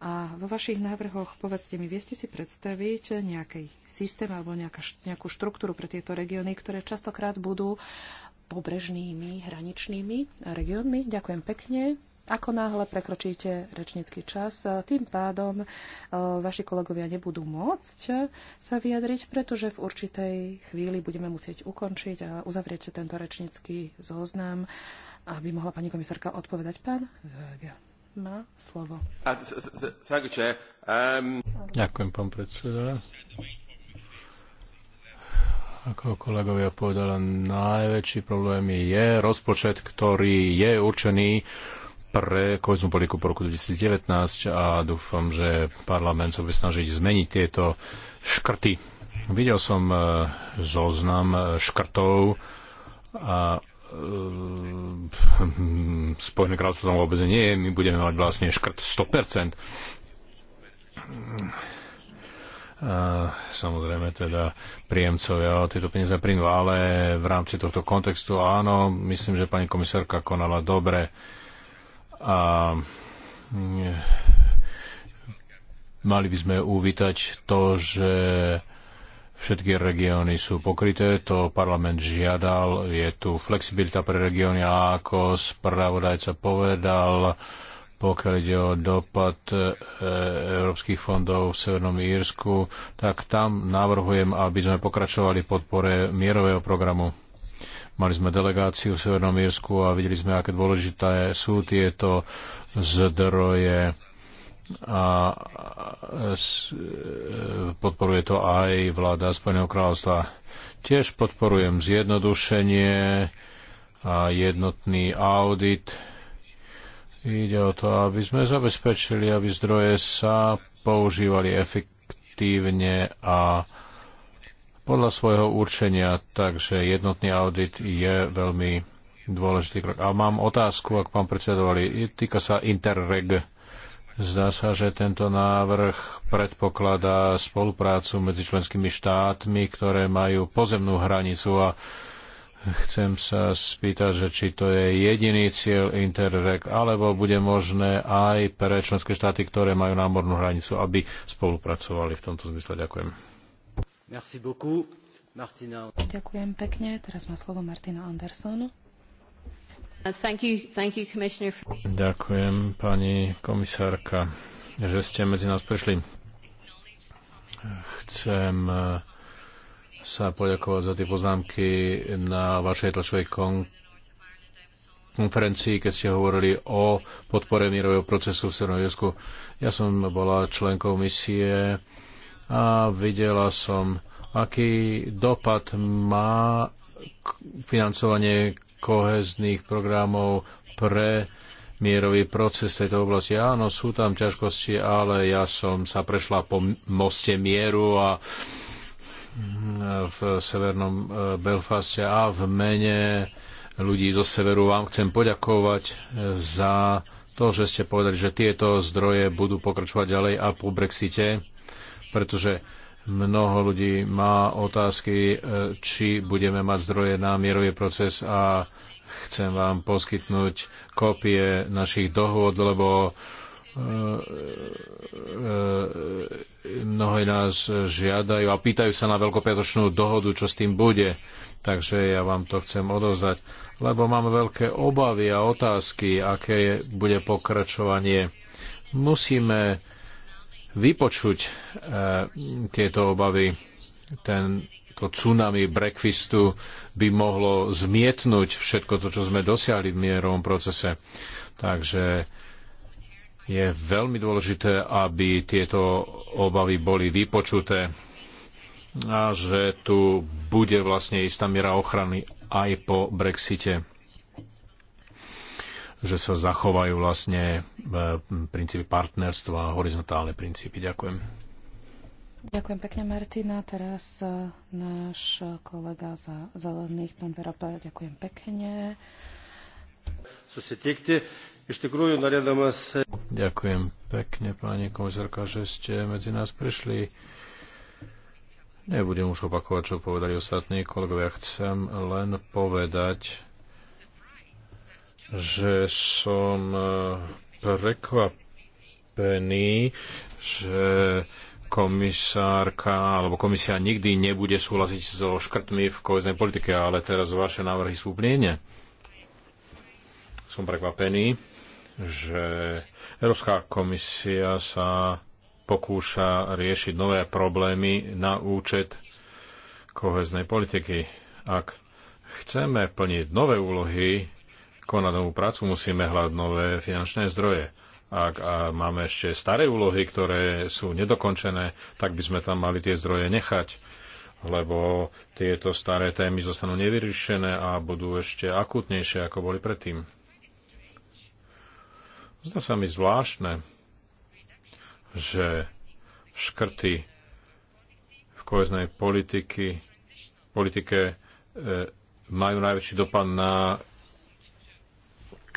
A vo vašich návrhoch, povedzte mi, vieste si predstaviť nejaký systém alebo nejaká, nejakú štruktúru pre tieto regióny, ktoré častokrát budú pobrežnými, hraničnými regiónmi. Ďakujem pekne. Ako náhle prekročíte rečnícky čas, e, tým pádom e, vaši kolegovia nebudú môcť e, sa vyjadriť, pretože v určitej chvíli budeme musieť ukončiť a uzavrieť tento rečnícky zoznam, aby mohla pani komisárka odpovedať. Pán Vöge má slovo. Um, Ďakujem, pán predseda. Ako kolegovia povedala, najväčší problém je rozpočet, ktorý je určený pre koheznú politiku po roku 2019 a dúfam, že parlament sa bude snažiť zmeniť tieto škrty. Videl som e, zoznam e, škrtov a e, Spojené kráľstvo tam vôbec nie je, my budeme mať vlastne škrt 100%. A samozrejme teda príjemcovia tieto peniaze prinú, ale v rámci tohto kontextu áno, myslím, že pani komisárka konala dobre a mm, mali by sme uvítať to, že všetky regióny sú pokryté, to parlament žiadal, je tu flexibilita pre regióny a ako spravodajca povedal, pokiaľ ide o dopad e, európskych fondov v Severnom Írsku, tak tam navrhujem, aby sme pokračovali podpore mierového programu Mali sme delegáciu v Severnom Írsku a videli sme, aké dôležité sú tieto zdroje a e, podporuje to aj vláda Spojeného kráľovstva. Tiež podporujem zjednodušenie a jednotný audit. Ide o to, aby sme zabezpečili, aby zdroje sa používali efektívne a podľa svojho určenia, takže jednotný audit je veľmi dôležitý krok. A mám otázku, ak pán predsedovali, týka sa Interreg. Zdá sa, že tento návrh predpokladá spoluprácu medzi členskými štátmi, ktoré majú pozemnú hranicu a chcem sa spýtať, že či to je jediný cieľ Interreg, alebo bude možné aj pre členské štáty, ktoré majú námornú hranicu, aby spolupracovali v tomto zmysle. Ďakujem. Ďakujem pekne. Teraz má slovo Martina pani komisárka, že ste medzi nás prišli. Chcem eh, sa poďakovať za tie poznámky na vašej tlačovej konferencii, keď ste hovorili o podpore mírového procesu v Severnom Ja som bola členkou misie a videla som, aký dopad má financovanie kohezných programov pre mierový proces v tejto oblasti. Áno, sú tam ťažkosti, ale ja som sa prešla po moste mieru a mm, v severnom e, Belfaste a v mene ľudí zo severu vám chcem poďakovať e, za to, že ste povedali, že tieto zdroje budú pokračovať ďalej a po Brexite pretože mnoho ľudí má otázky, e, či budeme mať zdroje na mierový proces a chcem vám poskytnúť kopie našich dohôd, lebo e, e, mnohí nás žiadajú a pýtajú sa na veľkopiatočnú dohodu, čo s tým bude. Takže ja vám to chcem odovzdať, lebo mám veľké obavy a otázky, aké bude pokračovanie. Musíme vypočuť e, tieto obavy. Ten, to tsunami breakfastu by mohlo zmietnúť všetko to, čo sme dosiahli v mierovom procese. Takže je veľmi dôležité, aby tieto obavy boli vypočuté a že tu bude vlastne istá miera ochrany aj po Brexite že sa zachovajú vlastne e, princípy partnerstva, a horizontálne princípy. Ďakujem. Ďakujem pekne, Martina. Teraz e, náš kolega za zelených, pán Verapa, ďakujem pekne. Ešte Ďakujem pekne, pani komisárka, že ste medzi nás prišli. Nebudem už opakovať, čo povedali ostatní kolegovia. Chcem len povedať, že som e, prekvapený, že komisárka alebo komisia nikdy nebude súhlasiť so škrtmi v koheznej politike, ale teraz vaše návrhy sú úplne iné. Som prekvapený, že Európska komisia sa pokúša riešiť nové problémy na účet koheznej politiky. Ak chceme plniť nové úlohy konať novú prácu, musíme hľadať nové finančné zdroje. Ak a máme ešte staré úlohy, ktoré sú nedokončené, tak by sme tam mali tie zdroje nechať, lebo tieto staré témy zostanú nevyriešené a budú ešte akútnejšie, ako boli predtým. Zdá sa mi zvláštne, že škrty v koheznej politike e, majú najväčší dopad na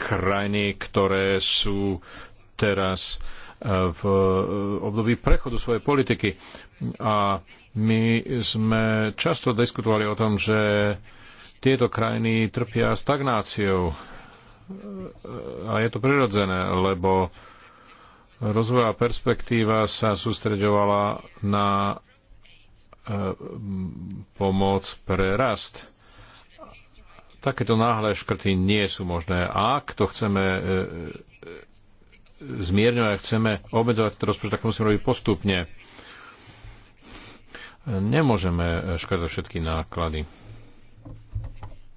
krajiny, ktoré sú teraz eh, v eh, období prechodu svojej politiky. A my sme často diskutovali o tom, že tieto krajiny trpia stagnáciou. Eh, a je to prirodzené, lebo rozvojová perspektíva sa sústreďovala na pomoc pre rast. Takéto náhle škrty nie sú možné. Ak to chceme e, e, zmierňovať, ak chceme obmedzovať ten rozpočet, tak to musíme robiť postupne. Nemôžeme e, škrtať všetky náklady.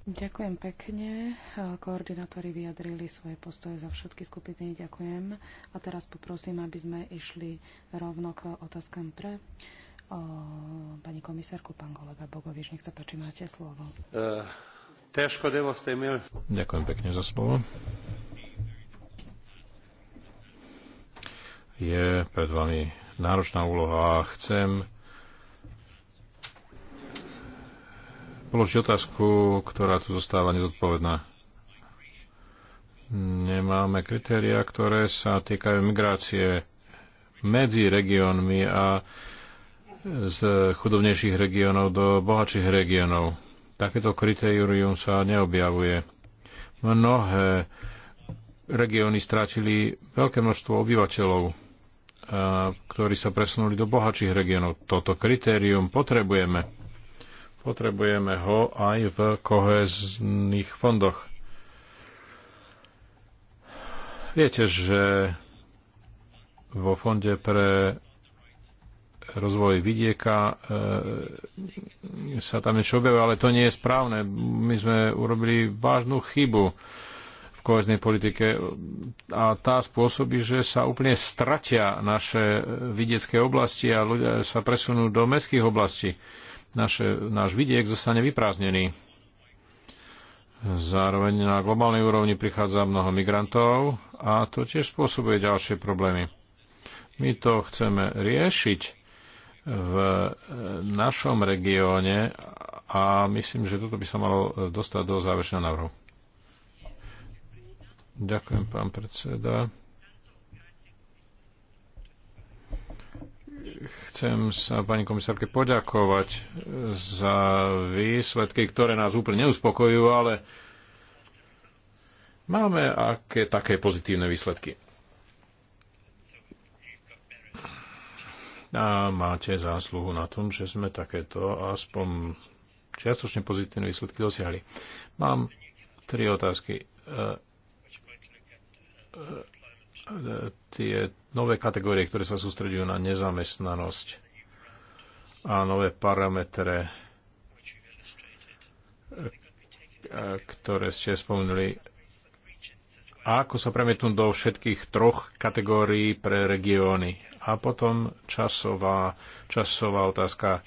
Ďakujem pekne. Koordinátori vyjadrili svoje postoje za všetky skupiny. Ďakujem. A teraz poprosím, aby sme išli rovno k otázkam pre o, pani komisárku, pán kolega Bogoviš, Nech sa páči, máte slovo. Uh. Ďakujem pekne za slovo. Je pred vami náročná úloha a chcem položiť otázku, ktorá tu zostáva nezodpovedná. Nemáme kritéria, ktoré sa týkajú migrácie medzi regiónmi a z chudobnejších regiónov do bohatších regiónov. Takéto kritérium sa neobjavuje. Mnohé regióny strátili veľké množstvo obyvateľov, ktorí sa presunuli do bohatších regiónov. Toto kritérium potrebujeme. Potrebujeme ho aj v kohezných fondoch. Viete, že vo fonde pre rozvoj vidieka, e, sa tam niečo objavuje, ale to nie je správne. My sme urobili vážnu chybu v koheznej politike a tá spôsobí, že sa úplne stratia naše vidiecké oblasti a ľudia sa presunú do mestských oblastí. Naše, náš vidiek zostane vyprázdnený. Zároveň na globálnej úrovni prichádza mnoho migrantov a to tiež spôsobuje ďalšie problémy. My to chceme riešiť v e, našom regióne a myslím, že toto by sa malo dostať do záverečného návrhu. Ďakujem, pán predseda. chcem sa pani komisárke poďakovať za výsledky, ktoré nás úplne neuspokojujú, ale máme aké také pozitívne výsledky. a máte zásluhu na tom, že sme takéto aspoň čiastočne pozitívne výsledky dosiahli. Mám tri otázky. E, e, tie nové kategórie, ktoré sa sústredujú na nezamestnanosť a nové parametre, e, ktoré ste spomenuli, a ako sa premietnú do všetkých troch kategórií pre regióny a potom časová, časová otázka.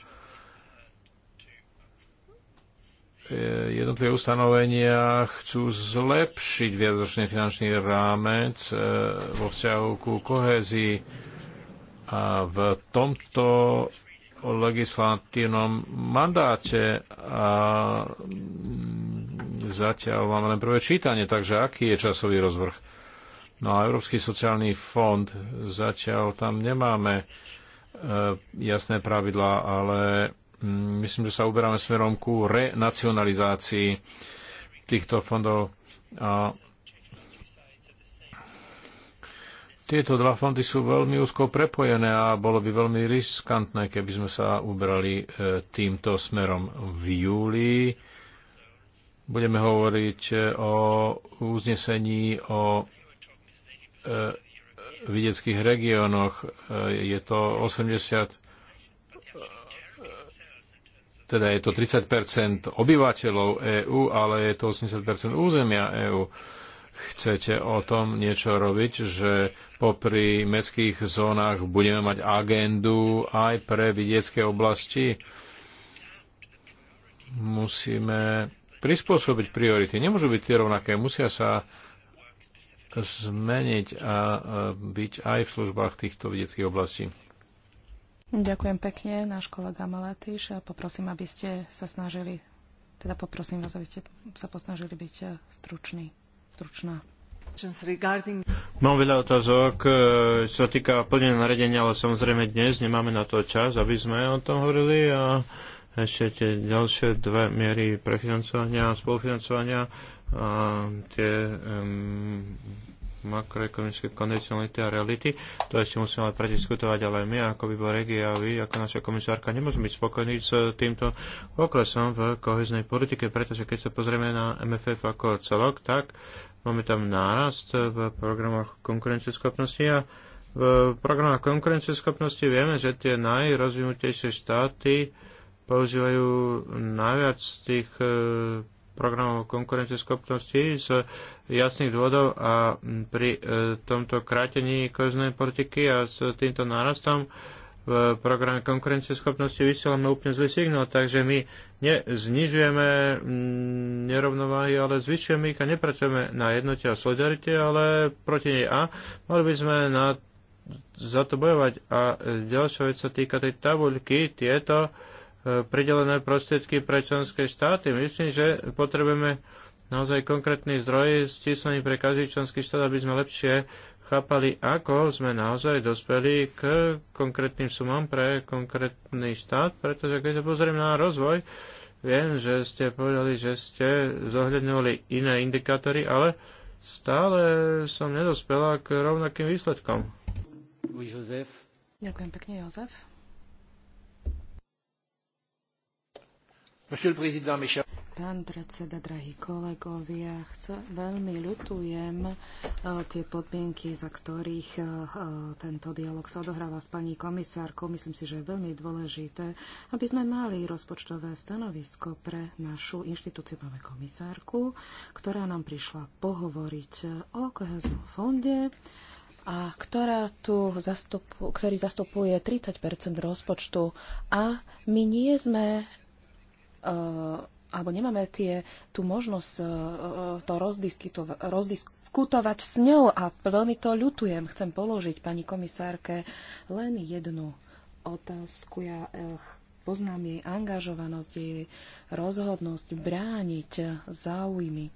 E, jednotlivé ustanovenia chcú zlepšiť viacročný finančný rámec e, vo vzťahu ku kohezii a v tomto legislatívnom mandáte a zatiaľ máme len prvé čítanie, takže aký je časový rozvrh? No a Európsky sociálny fond, zatiaľ tam nemáme e, jasné pravidlá, ale mm, myslím, že sa uberáme smerom ku renacionalizácii týchto fondov. A tieto dva fondy sú veľmi úzko prepojené a bolo by veľmi riskantné, keby sme sa uberali e, týmto smerom v júli. Budeme hovoriť e, o uznesení o vidieckých regiónoch. E, je to 80 e, teda je to 30 obyvateľov EÚ, ale je to 80 územia EÚ. Chcete o tom niečo robiť, že popri mestských zónach budeme mať agendu aj pre vidiecké oblasti? Musíme prispôsobiť priority. Nemôžu byť tie rovnaké, musia sa zmeniť a byť aj v službách týchto vedeckých oblastí. Ďakujem pekne, náš kolega Malatýš. A poprosím, aby ste sa snažili, teda poprosím vás, aby ste sa posnažili byť e, stručný, stručná. Mám veľa otázok, e, čo sa týka plnenia naredenia, ale samozrejme dnes nemáme na to čas, aby sme o tom hovorili a ešte tie ďalšie dve miery prefinancovania a spolufinancovania a tie um, makroekonomické kondicionality a reality. To ešte musíme prediskutovať, ale aj my ako výbor regie a vy ako naša komisárka nemôžeme byť spokojní s týmto poklesom v koheznej politike, pretože keď sa pozrieme na MFF ako celok, tak máme tam nárast v programoch konkurencieschopnosti a v programoch konkurencieschopnosti vieme, že tie najrozvinutejšie štáty používajú najviac tých e, programov konkurenceschopnosti z jasných dôvodov a pri e, tomto krátení koznej politiky a s týmto nárastom v programe konkurencieschopnosti vysielame úplne zlý signál, takže my neznižujeme mm, nerovnováhy, ale zvyšujeme ich a nepracujeme na jednote a solidarite, ale proti nej. A mali by sme na, za to bojovať. A ďalšia vec sa týka tej tabuľky, tieto uh, E, pridelené prostriedky pre členské štáty. Myslím, že potrebujeme naozaj konkrétny zdroj stíslený pre každý členský štát, aby sme lepšie chápali, ako sme naozaj dospeli k konkrétnym sumám pre konkrétny štát, pretože keď sa pozrieme na rozvoj, viem, že ste povedali, že ste zohľadňovali iné indikátory, ale stále som nedospela k rovnakým výsledkom. Ďakujem pekne, Jozef. Pán predseda, drahí kolegovia, veľmi ľutujem eh, tie podmienky, za ktorých eh, eh, tento dialog sa odohráva s pani komisárkou. Myslím si, že je veľmi dôležité, aby sme mali rozpočtové stanovisko pre našu inštitúciu. Máme komisárku, ktorá nám prišla pohovoriť o koheznom fonde a ktorá tu zastupu, ktorý zastupuje 30 rozpočtu. A my nie sme Eh, alebo nemáme tie, tú možnosť eh, to rozdiskutovať s ňou a veľmi to ľutujem. Chcem položiť pani komisárke len jednu otázku. Ja eh, poznám jej angažovanosť, jej rozhodnosť brániť záujmy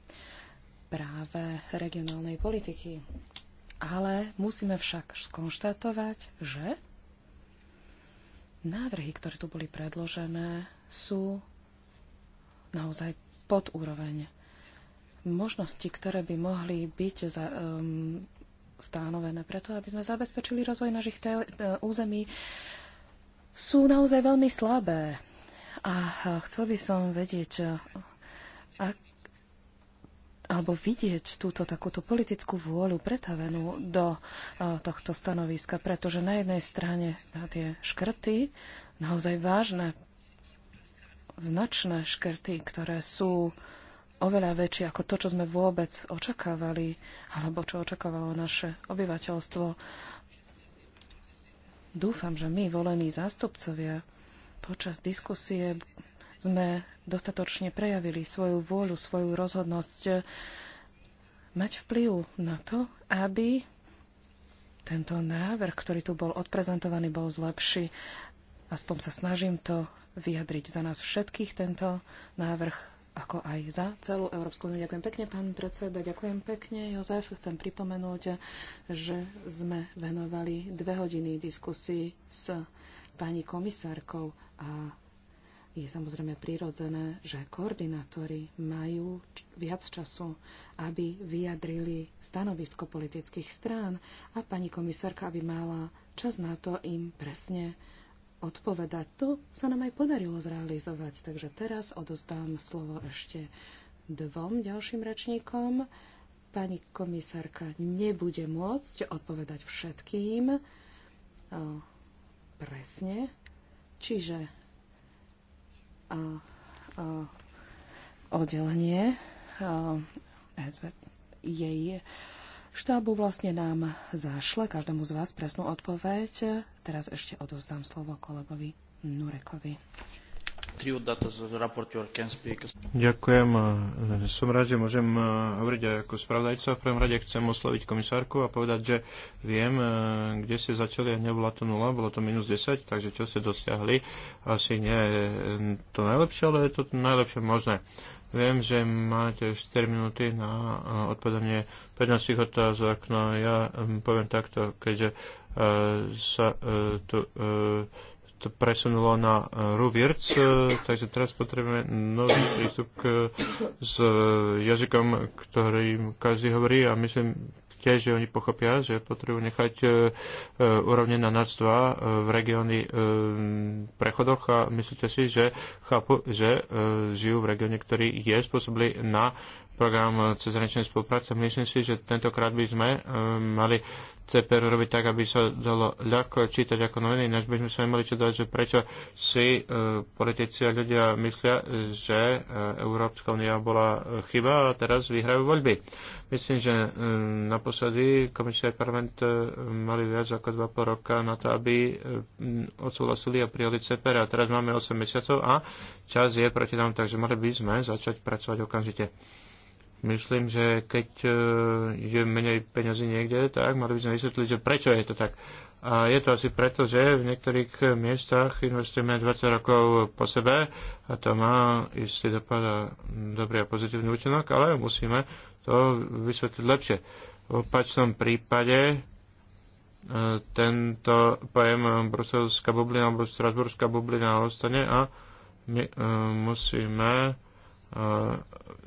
práve regionálnej politiky. Ale musíme však skonštatovať, že návrhy, ktoré tu boli predložené, sú naozaj pod úroveň. Možnosti, ktoré by mohli byť za, um, stanovené preto, aby sme zabezpečili rozvoj našich e, území, sú naozaj veľmi slabé. A chcel by som vedieť, ak, alebo vidieť túto takúto politickú vôľu pretavenú do e, tohto stanoviska, pretože na jednej strane na tie škrty, naozaj vážne značné škrty, ktoré sú oveľa väčšie ako to, čo sme vôbec očakávali, alebo čo očakávalo naše obyvateľstvo. Dúfam, že my, volení zástupcovia, počas diskusie sme dostatočne prejavili svoju vôľu, svoju rozhodnosť mať vplyv na to, aby tento návrh, ktorý tu bol odprezentovaný, bol zlepší. Aspoň sa snažím to vyjadriť za nás všetkých tento návrh, ako aj za celú Európsku úniu. Ďakujem pekne, pán predseda, ďakujem pekne, Jozef. Chcem pripomenúť, že sme venovali dve hodiny diskusii s pani komisárkou a je samozrejme prirodzené, že koordinátori majú viac času, aby vyjadrili stanovisko politických strán a pani komisárka by mala čas na to im presne odpovedať. To sa nám aj podarilo zrealizovať. Takže teraz odozdám slovo ešte dvom ďalším rečníkom. Pani komisárka nebude môcť odpovedať všetkým e, presne. Čiže o, o, oddelenie e, SV jej štábu vlastne nám zašle každému z vás presnú odpoveď. Teraz ešte odovzdám slovo kolegovi Nurekovi. Ďakujem. Som rád, že môžem eh, hovoriť aj ako spravodajca. V prvom rade chcem osloviť komisárku a povedať, že viem, eh, kde ste začali a nebola to nula, bolo to minus 10, takže čo ste dosiahli, asi nie je eh, to najlepšie, ale je to najlepšie možné. Viem, že máte 4 minúty na odpovedanie 15 otázok, no ja hm, poviem takto, keďže sa tu to presunulo na e, Ruvirc, e, takže teraz potrebujeme nový prístup k, s e, jazykom, ktorým každý hovorí a myslím tiež, že oni pochopia, že potrebujú nechať úrovne na nac v regióny prechodoch a myslíte si, že chápu, že žijú v regióne, ktorý je spôsobili na program eh, cezhraničnej spolupráce. Myslím si, že tentokrát by sme eh, mali CPR robiť tak, aby sa dalo ľahko čítať ako noviny, než by sme sa mali čítať, že prečo si eh, politici a ľudia myslia, že Európska unia bola chyba a teraz vyhrajú voľby. Myslím, že naposledy komisia a parlament mali viac ako 2,5 roka na to, aby odsúhlasili a prijali CPR a teraz máme 8 mesiacov a čas je proti nám, takže mali by sme začať pracovať okamžite. Myslím, že keď e, je menej peňazí niekde, tak mali by sme vysvetliť, že prečo je to tak. A je to asi preto, že v niektorých miestach investujeme 20 rokov po sebe a to má istý dopad a dobrý a pozitívny účinok, ale musíme to vysvetliť lepšie. V opačnom prípade e, tento pojem bruselská bublina alebo strasburská bublina ostane a my e, musíme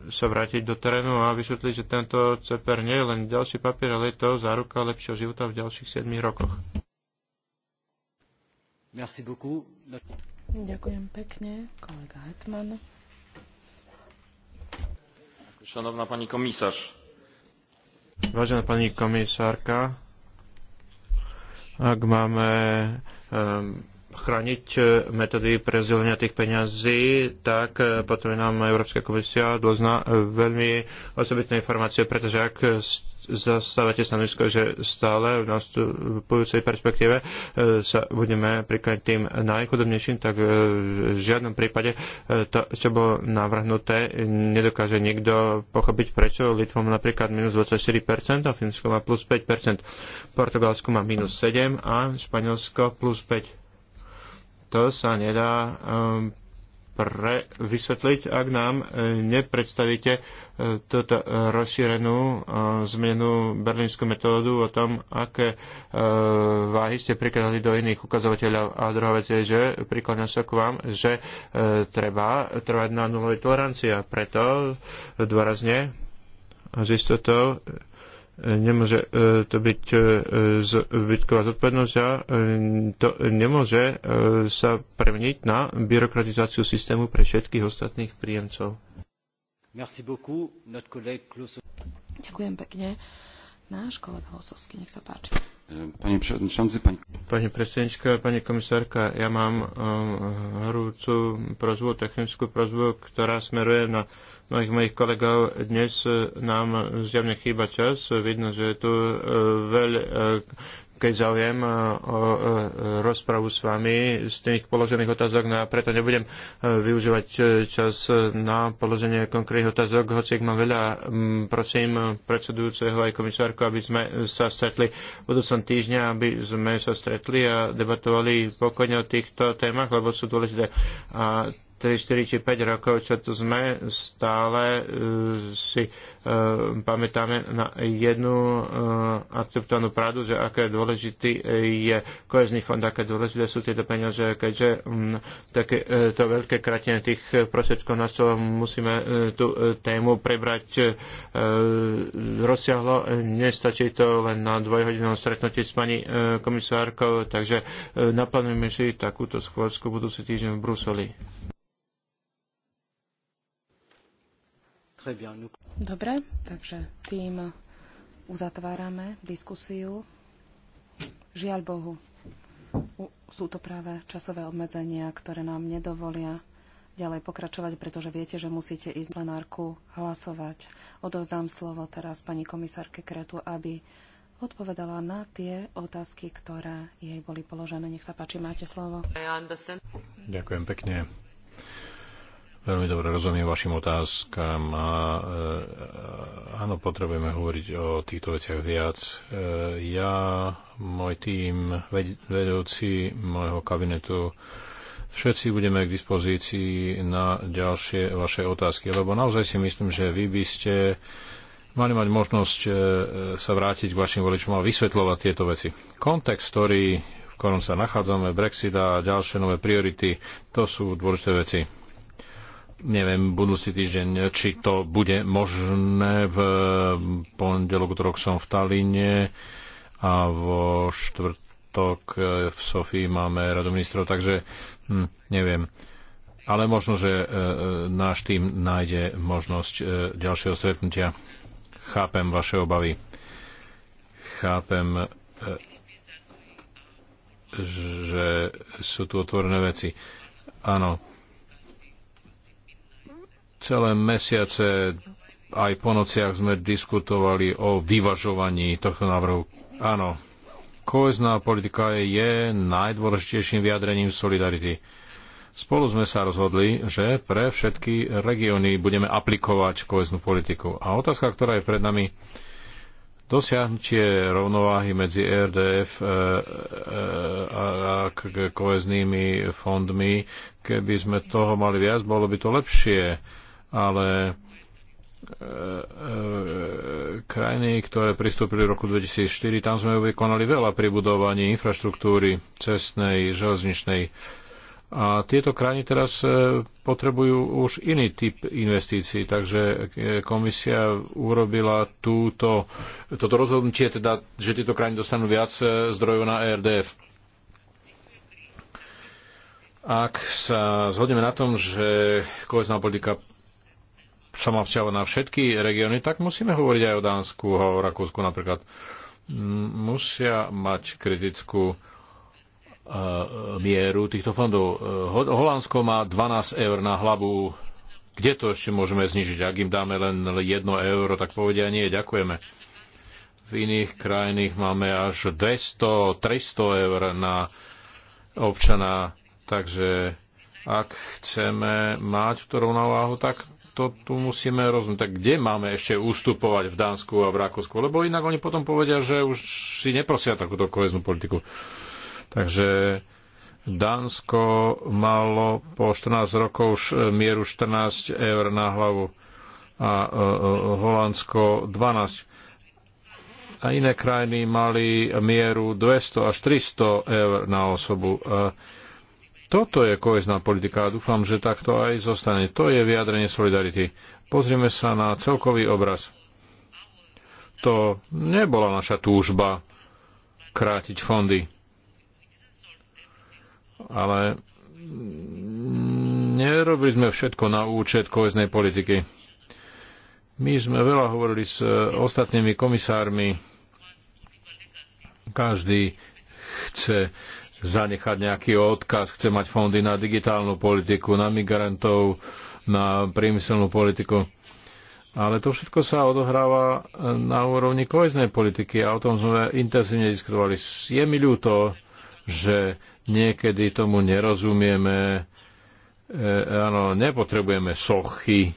sa vrátiť do terénu a vysvetliť, že tento CPR nie je len ďalší papier, ale je to záruka lepšieho života v ďalších 7 rokoch. Merci Ďakujem pekne, kolega Hetman. Šanovná pani komisár. Vážená pani komisárka, ak máme um, chrániť e, metódy pre rozdelenia tých peňazí, tak e, potom je nám Európska komisia dozná e, veľmi osobitné informácie, pretože ak zastávate stanovisko, že stále v nastupujúcej perspektíve sa budeme prikladať tým najchudobnejším, tak v žiadnom prípade to, čo bolo navrhnuté, nedokáže nikto pochopiť, prečo Litvom napríklad minus 24% a Fínsko má plus 5%, Portugalsko má minus 7% a Španielsko plus 5% to sa nedá um, pre vysvetliť, ak nám e, nepredstavíte e, túto rozšírenú e, zmenu berlínsku metódu o tom, aké váhy ste prikladali do iných ukazovateľov. A druhá vec je, že prikladám sa k vám, že treba trvať na nulovej tolerancii a preto dôrazne s istotou nemôže e, to byť e, zbytková zodpovednosť a e, to nemôže sa premeniť na byrokratizáciu systému pre všetkých ostatných príjemcov. Merci beaucoup, notre collègue Ďakujem pekne. Náš kolega Hosovský, nech sa páči. Panie przewodniczący, pani... Pani predsednička, pani komisárka, ja mám um, horúcu prozbu, technickú prozbu, ktorá smeruje na mnohých mojich kolegov. Dnes e, nám zjavne chýba čas. Vidno, že je tu uh, veľ, uh, keď záujem e, o e, rozpravu s vami z tých položených otázok, no a preto nebudem e, využívať čas na položenie konkrétnych otázok, hoci ich mám veľa. Prosím predsedujúceho aj komisárku, aby sme sa stretli v budúcom týždňa, aby sme sa stretli a debatovali pokojne o týchto témach, lebo sú dôležité. A 3, 4 či 5 rokov, čo tu sme, stále e, si e, pamätáme na jednu e, akceptovanú pravdu, že aké dôležitý je kohezný fond, aké dôležité sú tieto peniaze, keďže také to veľké kratenie tých prostriedkov na čo musíme tú tému prebrať rozsiahlo. Nestačí to len na dvojhodinovom stretnutí s pani komisárkou, takže naplánujeme si takúto schôdzku budúci týždeň v Bruseli. Dobre, takže tým uzatvárame diskusiu. Žiaľ Bohu, sú to práve časové obmedzenia, ktoré nám nedovolia ďalej pokračovať, pretože viete, že musíte ísť plenárku hlasovať. Odovzdám slovo teraz pani komisárke Kretu, aby odpovedala na tie otázky, ktoré jej boli položené. Nech sa páči, máte slovo. Ďakujem pekne. Veľmi dobre rozumiem vašim otázkam a e, áno, potrebujeme hovoriť o týchto veciach viac. E, ja, môj tím, vedúci môjho kabinetu, všetci budeme k dispozícii na ďalšie vaše otázky, lebo naozaj si myslím, že vy by ste mali mať možnosť e, sa vrátiť k vašim voličom a vysvetľovať tieto veci. Kontext, ktorý v ktorom sa nachádzame, Brexit a ďalšie nové priority, to sú dôležité veci neviem, budúci týždeň, či to bude možné. V pondelok, útorok som v Taline a vo štvrtok eh, v Sofii máme radu ministrov, takže hm, neviem. Ale možno, že e, náš tým nájde možnosť e, ďalšieho stretnutia. Chápem vaše obavy. Chápem, e, že sú tu otvorené veci. Áno Celé mesiace aj po nociach sme diskutovali o vyvažovaní tohto návrhu. Áno, kohezná politika je najdôležitejším vyjadrením solidarity. Spolu sme sa rozhodli, že pre všetky regióny budeme aplikovať koheznú politiku. A otázka, ktorá je pred nami, dosiahnutie rovnováhy medzi e RDF e, e, a koheznými fondmi, keby sme toho mali viac, bolo by to lepšie ale e, e, krajiny, ktoré pristúpili v roku 2004, tam sme vykonali veľa pri budovaní infraštruktúry cestnej, železničnej. A tieto krajiny teraz e, potrebujú už iný typ investícií, takže komisia urobila túto, toto rozhodnutie, teda, že tieto krajiny dostanú viac zdrojov na ERDF ak sa zhodneme na tom, že kohezná politika sa má vzťahovať na všetky regióny, tak musíme hovoriť aj o Dánsku a o Rakúsku napríklad. Musia mať kritickú e, e, mieru týchto fondov. E, Holandsko má 12 eur na hlavu. Kde to ešte môžeme znižiť? Ak im dáme len 1 euro, tak povedia nie, ďakujeme. V iných krajinách máme až 200, 300 eur na občana. Takže ak chceme mať tú rovnováhu, tak to tu musíme rozumieť. Tak kde máme ešte ústupovať v Dánsku a v Rakúsku? Lebo inak oni potom povedia, že už si neprosia takúto koheznú politiku. Takže Dánsko malo po 14 rokov e, mieru 14 eur na hlavu a e, e, Holandsko 12 a iné krajiny mali mieru 200 až 300 eur na osobu. E, toto je kohezná politika a dúfam, že takto aj zostane. To je vyjadrenie solidarity. Pozrieme sa na celkový obraz. To nebola naša túžba krátiť fondy. Ale nerobili sme všetko na účet koheznej politiky. My sme veľa hovorili s e, ostatnými komisármi. Každý chce zanechať nejaký odkaz, chce mať fondy na digitálnu politiku, na migrantov, na priemyselnú politiku. Ale to všetko sa odohráva e, na úrovni koheznej politiky a o tom sme intenzívne diskutovali. Je mi ľúto, že niekedy tomu nerozumieme, e, áno, nepotrebujeme sochy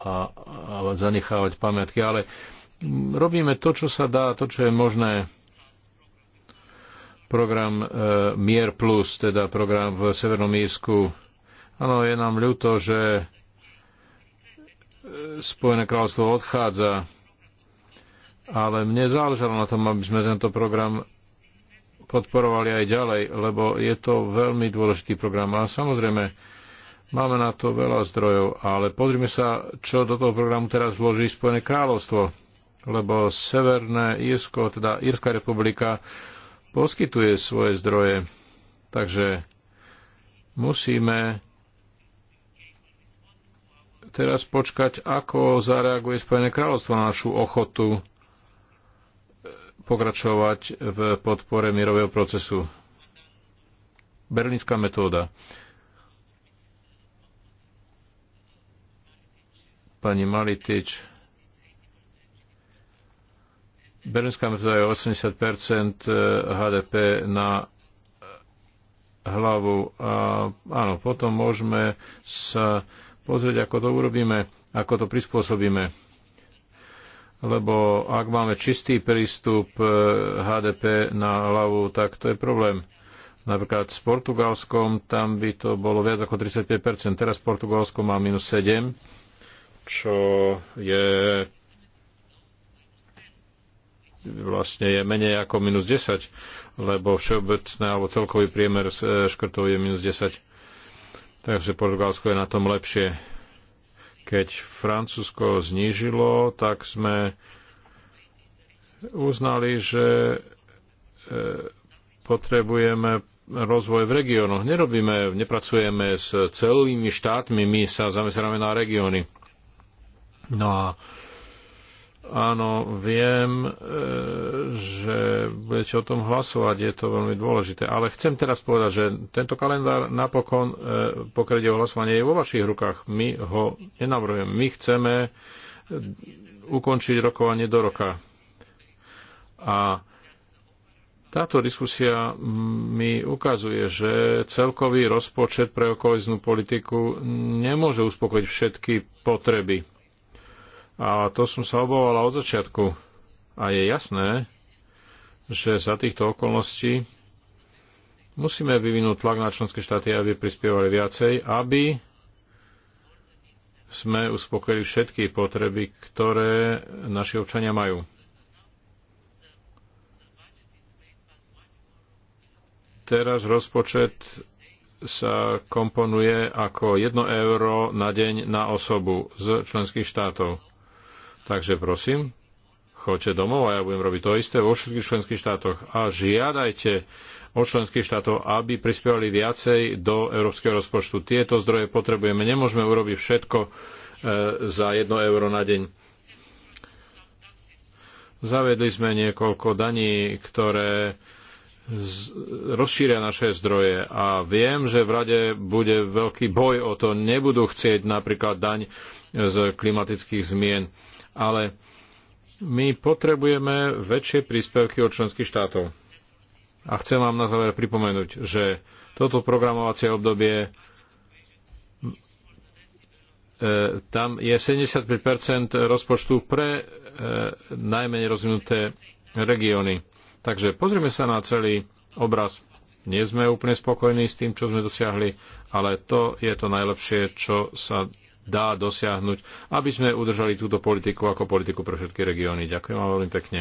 a, a zanechávať pamiatky, ale robíme to, čo sa dá, to, čo je možné program e, Mier Plus, teda program v Severnom Írsku. Áno, je nám ľúto, že e, Spojené kráľovstvo odchádza, ale mne záležalo na tom, aby sme tento program podporovali aj ďalej, lebo je to veľmi dôležitý program. A samozrejme, máme na to veľa zdrojov, ale pozrime sa, čo do toho programu teraz vloží Spojené kráľovstvo, lebo Severné Írsko, teda Írska republika, poskytuje svoje zdroje. Takže musíme teraz počkať, ako zareaguje Spojené kráľovstvo na našu ochotu pokračovať v podpore mierového procesu. Berlínska metóda. Pani Malitič Berlínska metóda je 80 eh, HDP na eh, hlavu. A áno, potom môžeme sa pozrieť, ako to urobíme, ako to prispôsobíme. Lebo ak máme čistý prístup HDP eh, na hlavu, tak to je problém. Napríklad s Portugalskom, tam by to bolo viac ako 35%. Teraz Portugalsko má minus 7, čo je vlastne je menej ako minus 10, lebo všeobecné alebo celkový priemer e, škrtov je minus 10. Takže Portugalsko je na tom lepšie. Keď Francúzsko znížilo, tak sme uznali, že e, potrebujeme rozvoj v regiónoch. Nerobíme, nepracujeme s celými štátmi, my sa zameráme na regióny. No a Áno, viem, e, že budete o tom hlasovať, je to veľmi dôležité. Ale chcem teraz povedať, že tento kalendár napokon, e, pokiaľ ide o hlasovanie, je vo vašich rukách. My ho nenavrhujeme. My chceme e, ukončiť rokovanie do roka. A táto diskusia mm, mi ukazuje, že celkový rozpočet pre okoliznú politiku nemôže uspokojiť všetky potreby a to som sa obávala od začiatku. A je jasné, že za týchto okolností musíme vyvinúť tlak na členské štáty, aby prispievali viacej, aby sme uspokojili všetky potreby, ktoré naši občania majú. Teraz rozpočet sa komponuje ako 1 euro na deň na osobu z členských štátov. Takže prosím, choďte domov a ja budem robiť to isté vo všetkých členských štátoch a žiadajte o členských štátov, aby prispievali viacej do európskeho rozpočtu. Tieto zdroje potrebujeme. Nemôžeme urobiť všetko e, za jedno euro na deň. Zavedli sme niekoľko daní, ktoré z, rozšíria naše zdroje a viem, že v rade bude veľký boj o to. Nebudú chcieť napríklad daň z klimatických zmien ale my potrebujeme väčšie príspevky od členských štátov. A chcem vám na záver pripomenúť, že toto programovacie obdobie e, tam je 75 rozpočtu pre e, najmenej rozvinuté regióny. Takže pozrime sa na celý obraz. Nie sme úplne spokojní s tým, čo sme dosiahli, ale to je to najlepšie, čo sa dá dosiahnuť, aby sme udržali túto politiku ako politiku pre všetky regióny. Ďakujem vám veľmi pekne.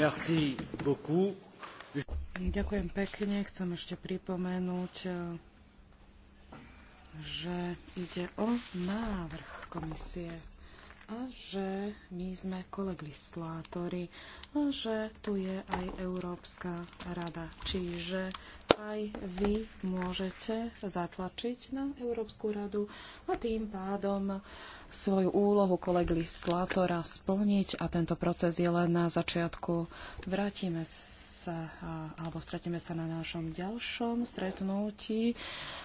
Merci beaucoup. Ďakujem pekne. Chcem ešte pripomenúť, eh, že ide o návrh komisie a že my sme kolegislátori a že tu je aj Európska rada. Čiže aj vy môžete zatlačiť na Európsku radu a tým pádom svoju úlohu kolegy Slátora splniť a tento proces je len na začiatku. Vrátime sa sa, alebo stretneme sa na našom ďalšom stretnutí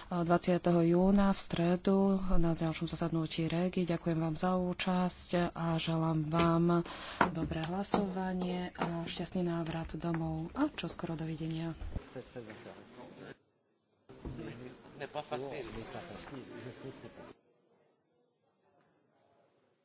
20. júna v stredu na ďalšom zasadnutí REGI. Ďakujem vám za účasť a želám vám dobré hlasovanie a šťastný návrat domov a čo skoro dovidenia. Ne pas facile. Je